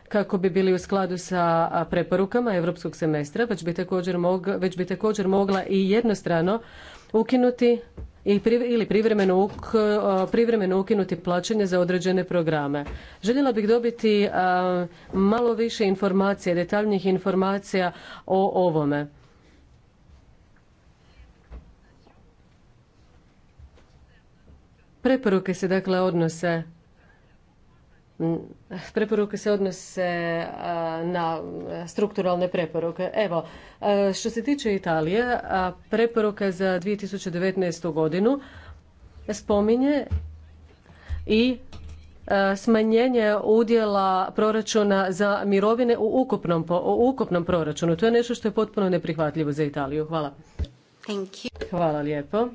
kako bi bili u skladu sa preporukama europskog semestra, već bi također, mogla, već bi također mogla i jednostrano ukinuti ili privremeno, privremeno ukinuti plaćanje za određene programe. Željela bih dobiti malo više informacija, detaljnijih informacija o ovome. Preporuke se dakle odnose Preporuke se odnose na strukturalne preporuke. Evo, što se tiče Italije, preporuka za 2019. godinu spominje i smanjenje udjela proračuna za mirovine u ukupnom, u ukupnom proračunu. To je nešto što je potpuno neprihvatljivo za Italiju. Hvala. Hvala lijepo.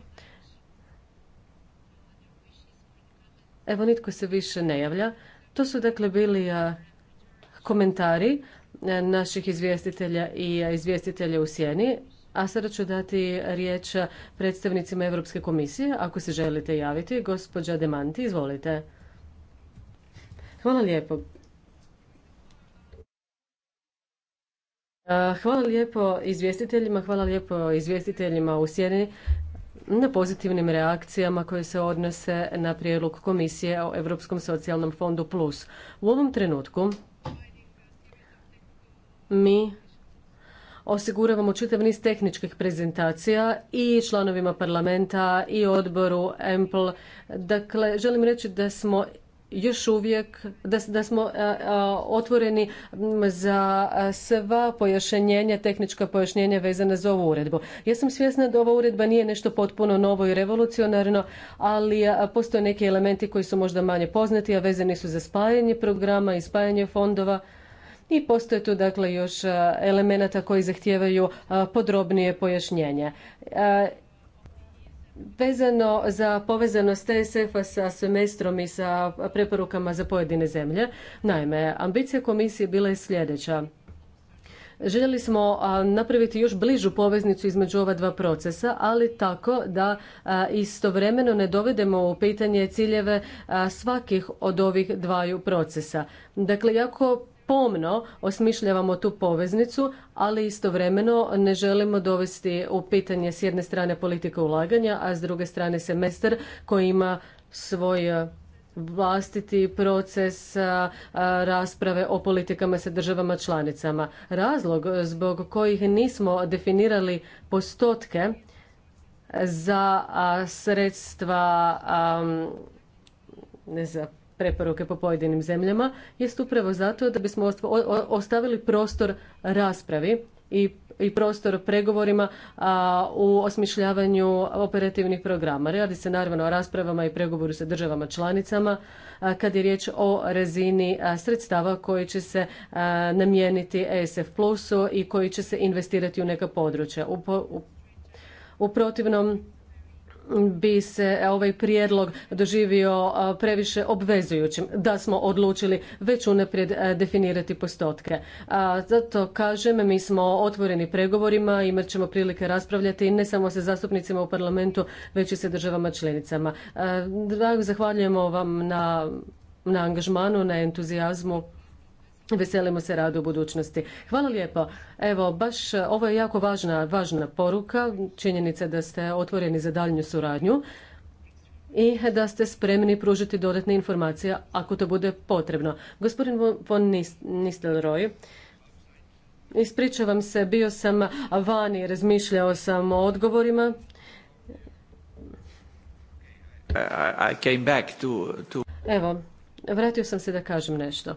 Evo, nitko se više ne javlja. To su dakle bili komentari e, naših izvjestitelja i izvjestitelja u sjeni. A sada ću dati riječ predstavnicima Europske komisije. Ako se želite javiti, gospođa Demanti, izvolite. Hvala lijepo. E, hvala lijepo izvjestiteljima, hvala lijepo izvjestiteljima u sjeni na pozitivnim reakcijama koje se odnose na prijedlog Komisije o Europskom socijalnom fondu plus. U ovom trenutku mi osiguravamo čitav niz tehničkih prezentacija i članovima parlamenta i odboru EMPL. Dakle, želim reći da smo još uvijek, da, da smo e, e, otvoreni za sva pojašnjenja, tehnička pojašnjenja vezana za ovu uredbu. Ja sam svjesna da ova uredba nije nešto potpuno novo i revolucionarno, ali e, postoje neki elementi koji su možda manje poznati, a vezani su za spajanje programa i spajanje fondova. I postoje tu dakle još elemenata koji zahtijevaju podrobnije pojašnjenje. Vezano za povezanost TSF-a e sa semestrom i sa preporukama za pojedine zemlje, naime, ambicija komisije bila je sljedeća. Željeli smo napraviti još bližu poveznicu između ova dva procesa, ali tako da istovremeno ne dovedemo u pitanje ciljeve svakih od ovih dvaju procesa. Dakle, jako pomno osmišljavamo tu poveznicu, ali istovremeno ne želimo dovesti u pitanje s jedne strane politiku ulaganja, a s druge strane semestar koji ima svoj e, vlastiti proces e, e, rasprave o politikama sa državama članicama. Razlog zbog kojih nismo definirali postotke za sredstva ne za preporuke po pojedinim zemljama jest upravo zato da bismo ostavili prostor raspravi i i prostor pregovorima u osmišljavanju operativnih programa. Radi se naravno o raspravama i pregovoru sa državama članicama kad je riječ o razini sredstava koji će se namijeniti ESF plusu i koji će se investirati u neka područja. U, u protivnom bi se e, ovaj prijedlog doživio e, previše obvezujućim da smo odlučili već unaprijed e, definirati postotke. Zato kažem, mi smo otvoreni pregovorima, imat ćemo prilike raspravljati ne samo sa zastupnicima u parlamentu, već i sa državama članicama. Zahvaljujemo vam na, na angažmanu, na entuzijazmu Veselimo se radu u budućnosti. Hvala lijepo. Evo, baš e, ovo je jako važna, važna poruka, činjenica da ste otvoreni za daljnju suradnju i da ste spremni pružiti dodatne informacije ako to bude potrebno. Gospodin von Nistelroj, ispričavam se, bio sam vani, razmišljao sam o odgovorima. Evo, vratio sam se da kažem nešto.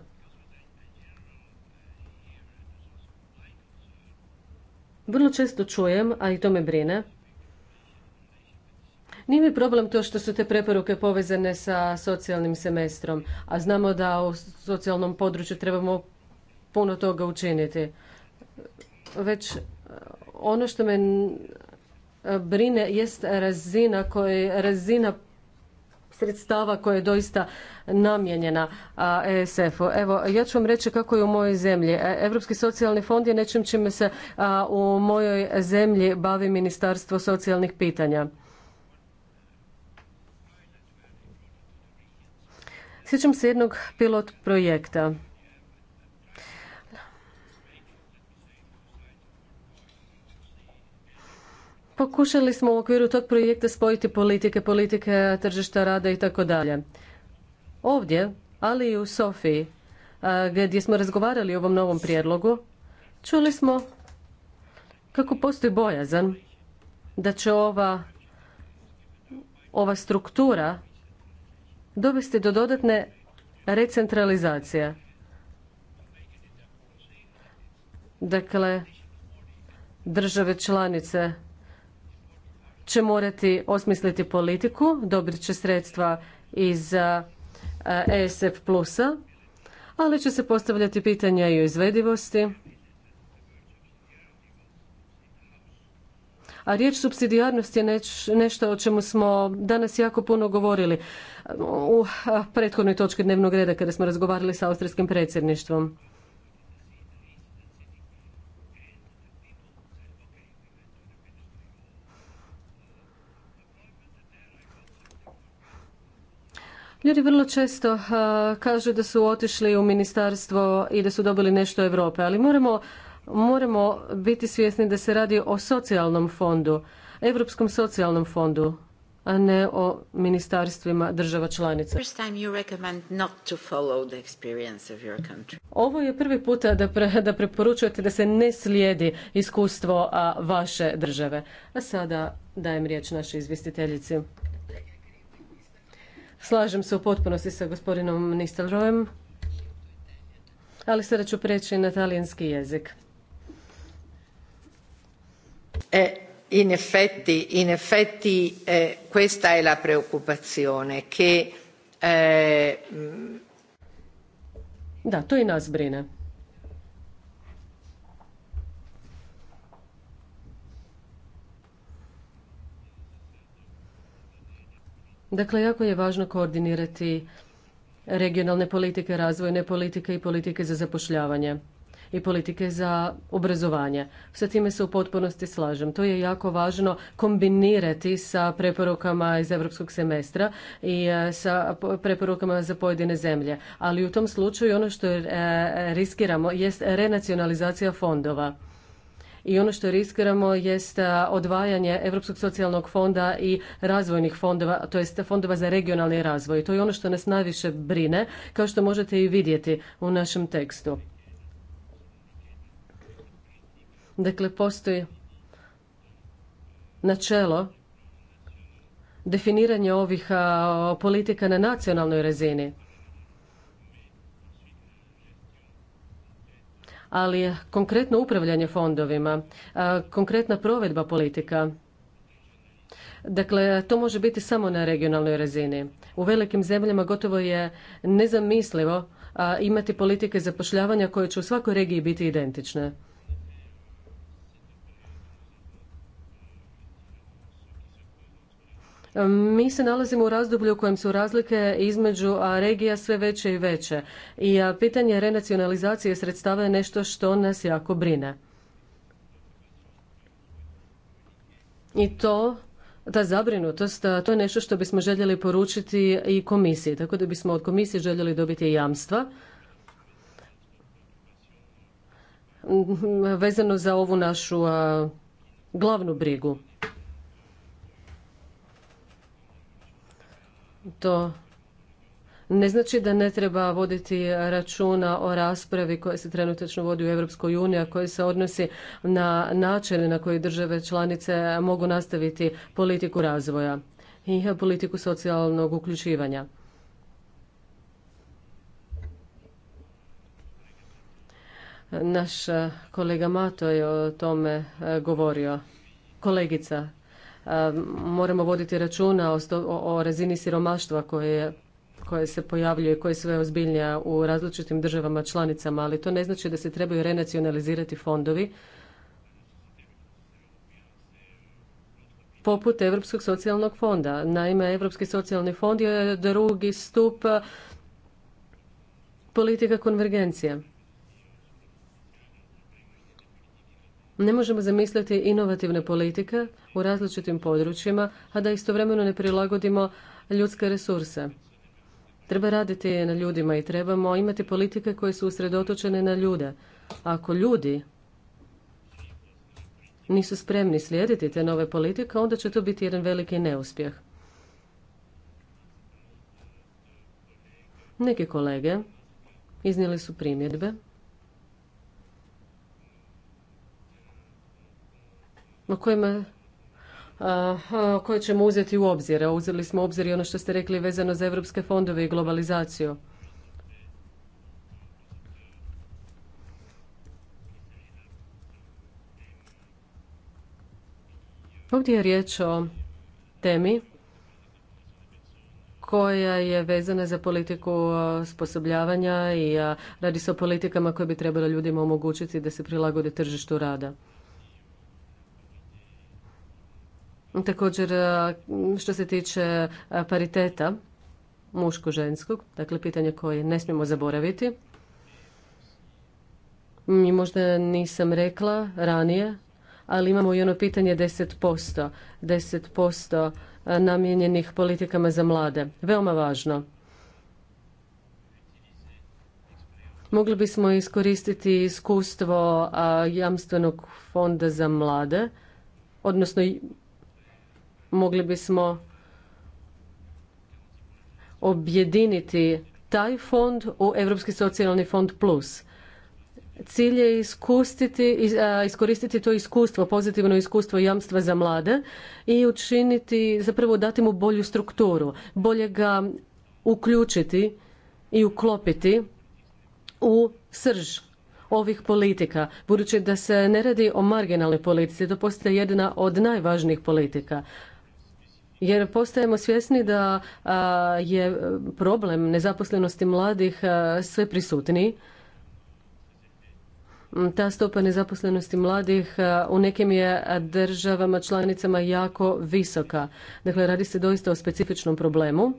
Vrlo često čujem, a i to me brine, nije mi problem to što su te preporuke povezane sa socijalnim semestrom, a znamo da u socijalnom području trebamo puno toga učiniti. Već e, ono što me e, brine jest razina koje, razina sredstava koje doista namijenjena ESF-u. Evo, ja ću vam reći kako je u mojoj zemlji. E, Europski socijalni fond je nečim čime se u mojoj zemlji bavi Ministarstvo socijalnih pitanja. Sjećam se jednog pilot projekta. Pokušali smo u okviru tog projekta spojiti politike, politike tržišta rada i tako dalje. Ovdje, ali i u Sofiji, gdje smo razgovarali o ovom novom prijedlogu, čuli smo kako postoji bojazan da će ova, ova struktura dovesti do dodatne recentralizacije. Dakle, države članice će morati osmisliti politiku, dobit će sredstva iz ESF e plusa, ali će se postavljati pitanja i o izvedivosti. A riječ subsidijarnost je nešto o čemu smo danas jako puno govorili u prethodnoj točki dnevnog reda kada smo razgovarali sa austrijskim predsjedništvom. Ljudi vrlo često eh, kažu da su otišli u ministarstvo i da su dobili nešto Europe, ali moramo, moramo biti svjesni da se radi o socijalnom fondu, Europskom socijalnom fondu, a ne o ministarstvima država članica. Ovo je prvi puta da, pre, da preporučujete da se ne slijedi iskustvo a vaše države. A sada dajem riječ našoj izvjestiteljici. Slažem se u potpunosti sa gospodinom Nistelrojem, ali sada ću preći na talijanski jezik. E, in effetti, in effetti eh, questa è la preoccupazione che... Eh... Da, to i nas brine. Dakle, jako je važno koordinirati regionalne politike, razvojne politike i politike za zapošljavanje i politike za obrazovanje. Sa time se u potpunosti slažem. To je jako važno kombinirati sa preporukama iz evropskog semestra i e, sa preporukama za pojedine zemlje. Ali u tom slučaju ono što e, riskiramo jest renacionalizacija fondova i ono što riskiramo jest odvajanje Europskog socijalnog fonda i razvojnih fondova, to jest fondova za regionalni razvoj. to je ono što nas najviše brine, kao što možete i vidjeti u našem tekstu. Dakle, postoji načelo definiranja ovih politika na nacionalnoj razini. ali konkretno upravljanje fondovima, konkretna provedba politika, Dakle, to može biti samo na regionalnoj razini. U velikim zemljama gotovo je nezamislivo imati politike zapošljavanja koje će u svakoj regiji biti identične. Mi se nalazimo u razdoblju u kojem su razlike između regija sve veće i veće i pitanje renacionalizacije sredstava je nešto što nas jako brine. I to ta zabrinutost, to je nešto što bismo željeli poručiti i komisiji, tako da bismo od komisije željeli dobiti jamstva vezano za ovu našu glavnu brigu. to ne znači da ne treba voditi računa o raspravi koja se trenutačno vodi u Europskoj uniji, a koja se odnosi na načine na koji države članice mogu nastaviti politiku razvoja i politiku socijalnog uključivanja. Naš kolega Mato je o tome govorio. Kolegica moramo voditi računa o, o razini siromaštva koje koje se pojavljuje, koje je sve ozbiljnija u različitim državama članicama, ali to ne znači da se trebaju renacionalizirati fondovi poput Europskog socijalnog fonda. Naime, Europski socijalni fond je drugi stup politika konvergencije. Ne možemo zamisliti inovativne politike u različitim područjima, a da istovremeno ne prilagodimo ljudske resurse. Treba raditi na ljudima i trebamo imati politike koje su usredotočene na ljude. Ako ljudi nisu spremni slijediti te nove politike, onda će to biti jedan veliki neuspjeh. Neki kolege iznijeli su primjedbe. kojima koje ćemo uzeti u obzir. Uzeli smo u obzir i ono što ste rekli vezano za evropske fondove i globalizaciju. Ovdje je riječ o temi koja je vezana za politiku sposobljavanja i radi se o politikama koje bi trebalo ljudima omogućiti da se prilagode tržištu rada. Također, e, što se tiče e, pariteta muško-ženskog, dakle pitanje koje ne smijemo zaboraviti, možda nisam rekla ranije, ali imamo i ono pitanje 10%. 10% e, namijenjenih politikama za mlade. Veoma važno. Mogli bismo iskoristiti iskustvo jamstvenog fonda za mlade, odnosno mogli bismo objediniti taj fond u Europski socijalni fond plus. Cilj je iskustiti, iskoristiti to iskustvo, pozitivno iskustvo jamstva za mlade i učiniti, zapravo dati mu bolju strukturu, bolje ga uključiti i uklopiti u srž ovih politika, budući da se ne radi o marginalnoj politici, to postaje jedna od najvažnijih politika jer postajemo svjesni da je problem nezaposlenosti mladih sve prisutniji. Ta stopa nezaposlenosti mladih u nekim je državama članicama jako visoka. Dakle, radi se doista o specifičnom problemu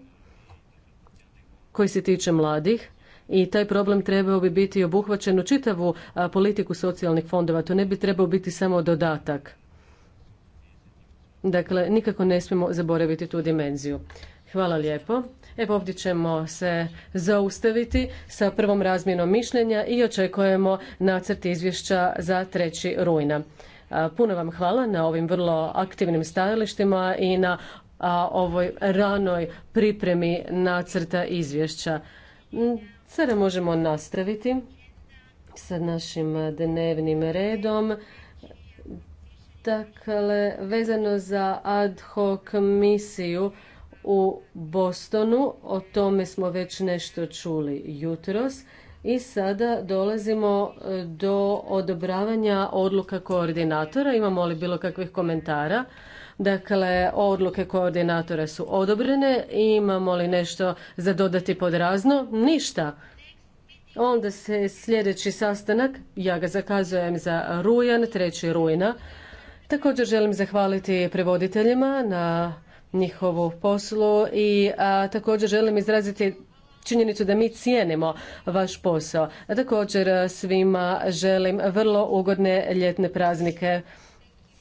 koji se tiče mladih i taj problem trebao bi biti obuhvaćen u čitavu politiku socijalnih fondova. To ne bi trebao biti samo dodatak. Dakle, nikako ne smijemo zaboraviti tu dimenziju. Hvala lijepo. Evo ovdje ćemo se zaustaviti sa prvom razmjenom mišljenja i očekujemo nacrt izvješća za 3. rujna. Puno vam hvala na ovim vrlo aktivnim stajalištima i na ovoj ranoj pripremi nacrta izvješća. Mm, sada možemo nastaviti sa našim dnevnim redom. Dakle, vezano za ad hoc misiju u Bostonu, o tome smo već nešto čuli jutros i sada dolazimo e, do odobravanja odluka koordinatora. Imamo li bilo kakvih komentara? Dakle, odluke koordinatora su odobrene. Imamo li nešto za dodati pod razno? Ništa. Onda se sljedeći sastanak, ja ga zakazujem za rujan, 3. rujna. Također želim zahvaliti prevoditeljima na njihovu poslu i također želim izraziti činjenicu da mi cijenimo vaš posao. također svima želim vrlo ugodne ljetne praznike,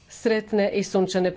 sretne i sunčane